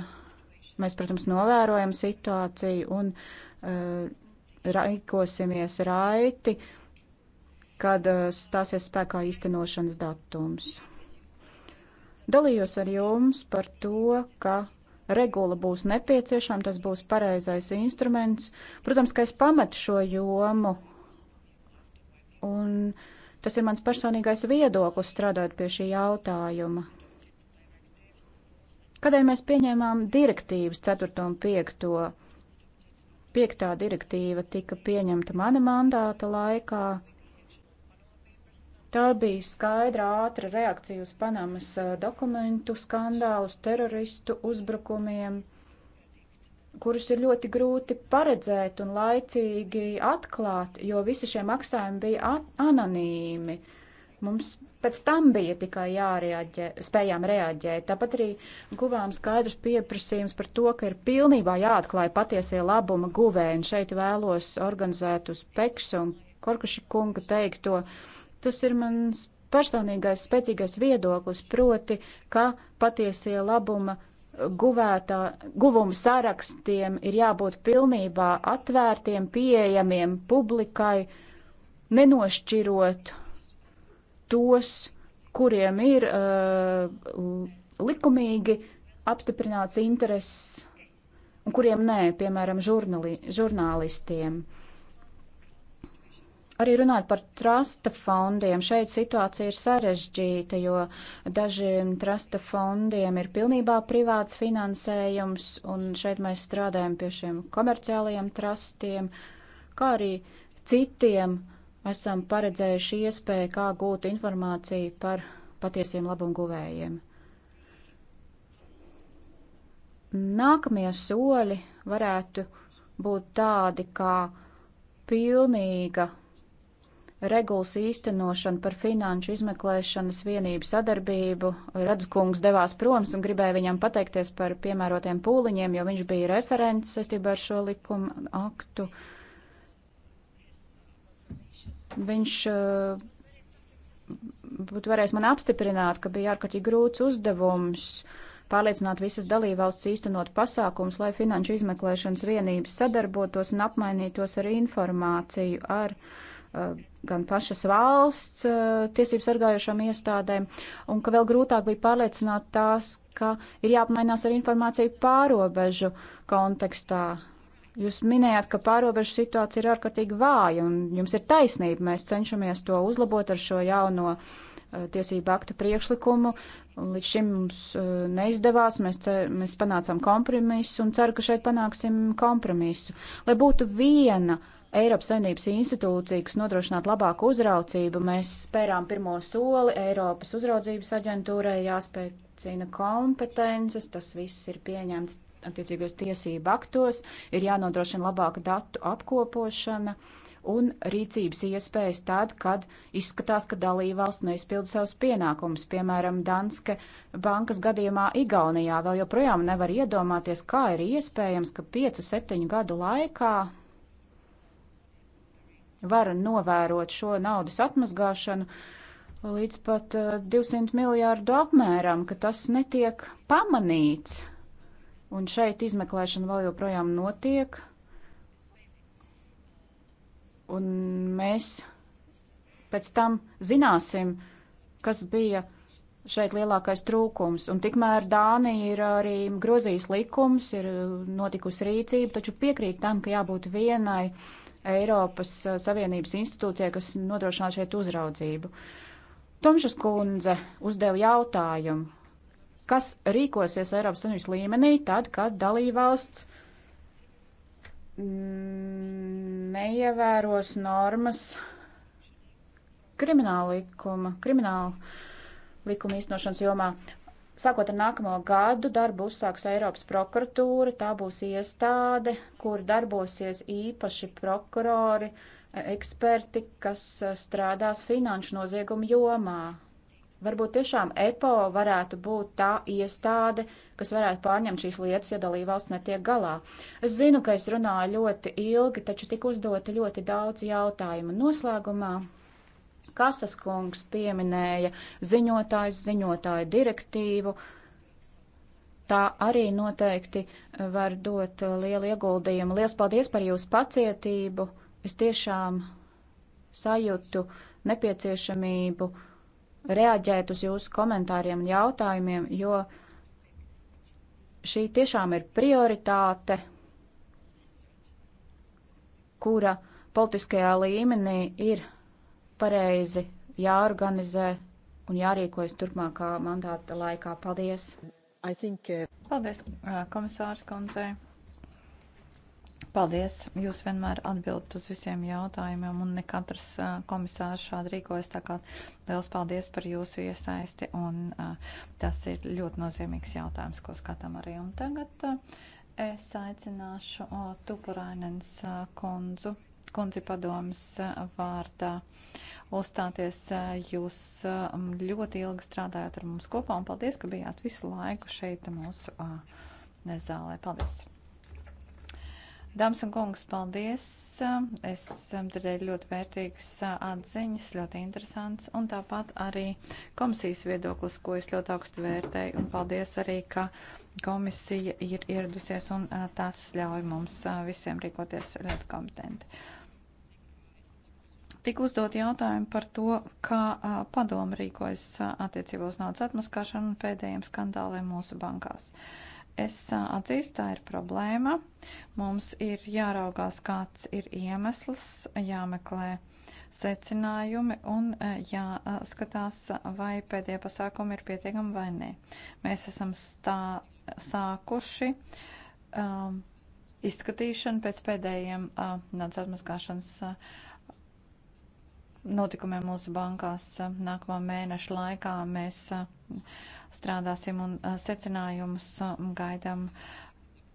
mēs, protams, novērojam situāciju un uh, raikosimies raiti, kad uh, stāsies spēkā īstenošanas datums. Dalījos ar jums par to, ka regula būs nepieciešama, tas būs pareizais instruments. Protams, ka es pametu šo jomu, un tas ir mans personīgais viedoklis strādājot pie šī jautājuma. Kādēļ mēs pieņēmām direktīvas 4. un 5. Piektā direktīva tika pieņemta mana mandāta laikā, Tā bija skaidra, ātra reakcija uz Panamas dokumentu skandālu, teroristu uzbrukumiem, kurus ir ļoti grūti paredzēt un laicīgi atklāt, jo visi šie maksājumi bija anonīmi. Mums pēc tam bija tikai jārēģē, spējām reaģēt. Tāpat arī guvām skaidrs pieprasījums par to, ka ir pilnībā jāatklāja patiesie labuma guvēji. Un šeit vēlos organizēt uz Peksa un Korkuši kunga teikto. Uh, Tas ir mans personīgais spēcīgais viedoklis, proti, ka patiesie labuma guvētā, guvuma sarakstiem ir jābūt pilnībā atvērtiem, pieejamiem publikai, nenošķirot tos, kuriem ir uh, likumīgi apstiprināts intereses un kuriem nē, piemēram, žurnali, žurnālistiem. Arī runāt par trasta fondiem. Šeit situācija ir sarežģīta, jo dažiem trasta fondiem ir pilnībā privāts finansējums, un šeit mēs strādājam pie šiem komerciālajiem trastiem, kā arī citiem esam paredzējuši iespēju, kā gūt informāciju par patiesiem labumguvējiem. Nākamie soļi varētu būt tādi, kā pilnīga regulas īstenošanu par finanšu izmeklēšanas vienību sadarbību. Redzkungs devās proms un gribēja viņam pateikties par piemērotiem pūliņiem, jo viņš bija referents saistībā ar šo likumu aktu. Viņš eh, būtu varējis man apstiprināt, ka bija ārkārtīgi grūts uzdevums pārliecināt visas dalībvalsts īstenot pasākums, lai finanšu izmeklēšanas vienības sadarbotos un apmainītos ar informāciju ar uh, Eh, gan pašas valsts eh, tiesību sargājušām iestādēm, un ka vēl grūtāk bija pārliecināt tās, ka ir jāapmainās ar informāciju pārobežu kontekstā. Jūs minējāt, ka pārobežu situācija ir ārkārtīgi vāja, un jums ir taisnība. Mēs cenšamies to uzlabot ar šo jauno eh, tiesību aktu priekšlikumu. Līdz šim mums neizdevās, mēs, cer, mēs panācām kompromisu un ceru, ka šeit panāksim kompromisu. Lai būtu viena uh, Eiropas Savienības institūcija, kas nodrošinātu labāku uzraucību. Mēs spērām pirmo soli Eiropas uzraudzības aģentūrai, jāspēcina kompetences, tas viss ir pieņemts attiecīgos tiesību aktos, ir jānodrošina labāka datu apkopošana un rīcības iespējas tad, kad izskatās, ka dalībvalsts neizpilda savus pienākumus. Piemēram, Danske bankas gadījumā Igaunijā vēl joprojām nevar iedomāties, kā ir iespējams, ka 5-7 gadu laikā var novērot šo naudas atmazgāšanu līdz pat 200 uh, miljārdu apmēram, ka tas netiek pamanīts. Un šeit izmeklēšana vēl joprojām notiek. Un mēs pēc tam zināsim, kas bija šeit lielākais trūkums. Un tikmēr Dānija ir arī grozījis likums, ir notikusi rīcība, taču piekrīt tam, ka jābūt vienai uh, Eiropas uh, Savienības institūcijai, kas nodrošinātu šeit uzraudzību. Tomšas kundze uzdeva jautājumu, kas rīkosies Eiropas Savienības līmenī tad, kad dalībvalsts mm, neievēros normas krimināla likuma, krimināla likuma īstenošanas jomā. Sākot ar nākamo gadu, darbu uzsāks Eiropas prokuratūra. Tā būs iestāde, kur darbosies īpaši prokurori, e, eksperti, kas e, strādās finanšu noziegumu jomā. Varbūt tiešām EPO varētu būt tā iestāde, kas varētu pārņemt šīs lietas, ja dalībvalsts netiek galā. Es zinu, ka es runāju ļoti ilgi, taču tik uzdoti ļoti daudz jautājumu noslēgumā. Kasas kungs pieminēja ziņotājs ziņotāju direktīvu. Tā arī noteikti var dot lielu ieguldījumu. Lielas paldies par jūsu pacietību. Es tiešām sajūtu nepieciešamību reaģēt uz jūsu komentāriem un jautājumiem, jo šī tiešām ir prioritāte, kura politiskajā līmenī ir pareizi jāorganizē un jārīkojas turpmākā mandāta laikā. Paldies! Think, uh... Paldies, uh, komisārs Konzē! Paldies! Jūs vienmēr atbildat uz visiem jautājumiem, un ne katrs uh, komisārs šādi rīkojas. Tā kā liels paldies par jūsu iesaisti, un uh, tas ir ļoti nozīmīgs jautājums, ko skatām arī. Un tagad uh, es aicināšu uh, Tupurainens uh, kundzu kundzi padomas eh, vārdā uzstāties. Eh, jūs eh, ļoti ilgi strādājat ar mums kopā un paldies, ka bijāt visu laiku šeit mūsu zālē. Paldies! Dāmas un kungs, paldies! Es dzirdēju ļoti vērtīgas atziņas, ļoti interesants, un tāpat arī komisijas viedoklis, ko es ļoti augstu vērtēju, un paldies arī, ka komisija ir ieradusies, un tas ļauj mums visiem rīkoties ļoti kompetenti. Tik uzdot jautājumu par to, kā padoma rīkojas attiecībos naudas atmaskāšanu un pēdējiem skandāliem mūsu bankās. Es atzīstu, tā ir problēma. Mums ir jāraugās, kāds ir iemesls, jāmeklē secinājumi un jāskatās, vai pēdējie pasākumi ir pietiekami vai nē. Mēs esam stā, sākuši um, izskatīšanu pēc pēdējiem uh, naudas atmaskāšanas uh, notikumiem mūsu bankās nākamā mēneša laikā. Mēs strādāsim un secinājumus gaidām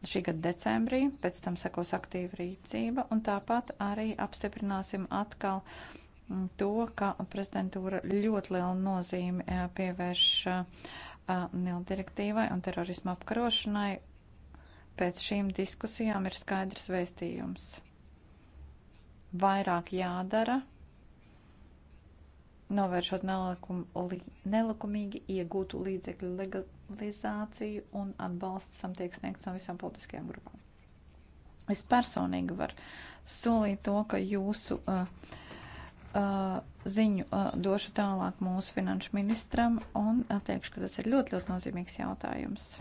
šī gada decembrī, pēc tam sekos aktīva rīcība un tāpat arī apstiprināsim atkal to, ka prezidentūra ļoti lielu nozīmi pievērš NIL direktīvai un terorismu apkarošanai. Pēc šīm diskusijām ir skaidrs vēstījums. Vairāk jādara novēršot nelikum, li, nelikumīgi iegūtu līdzekļu legalizāciju un atbalsts tam tiek sniegts no visām politiskajām grupām. Es personīgi varu solīt to, ka jūsu uh, uh, ziņu uh, došu tālāk mūsu finanšu ministram un uh, teikšu, ka tas ir ļoti, ļoti nozīmīgs jautājums.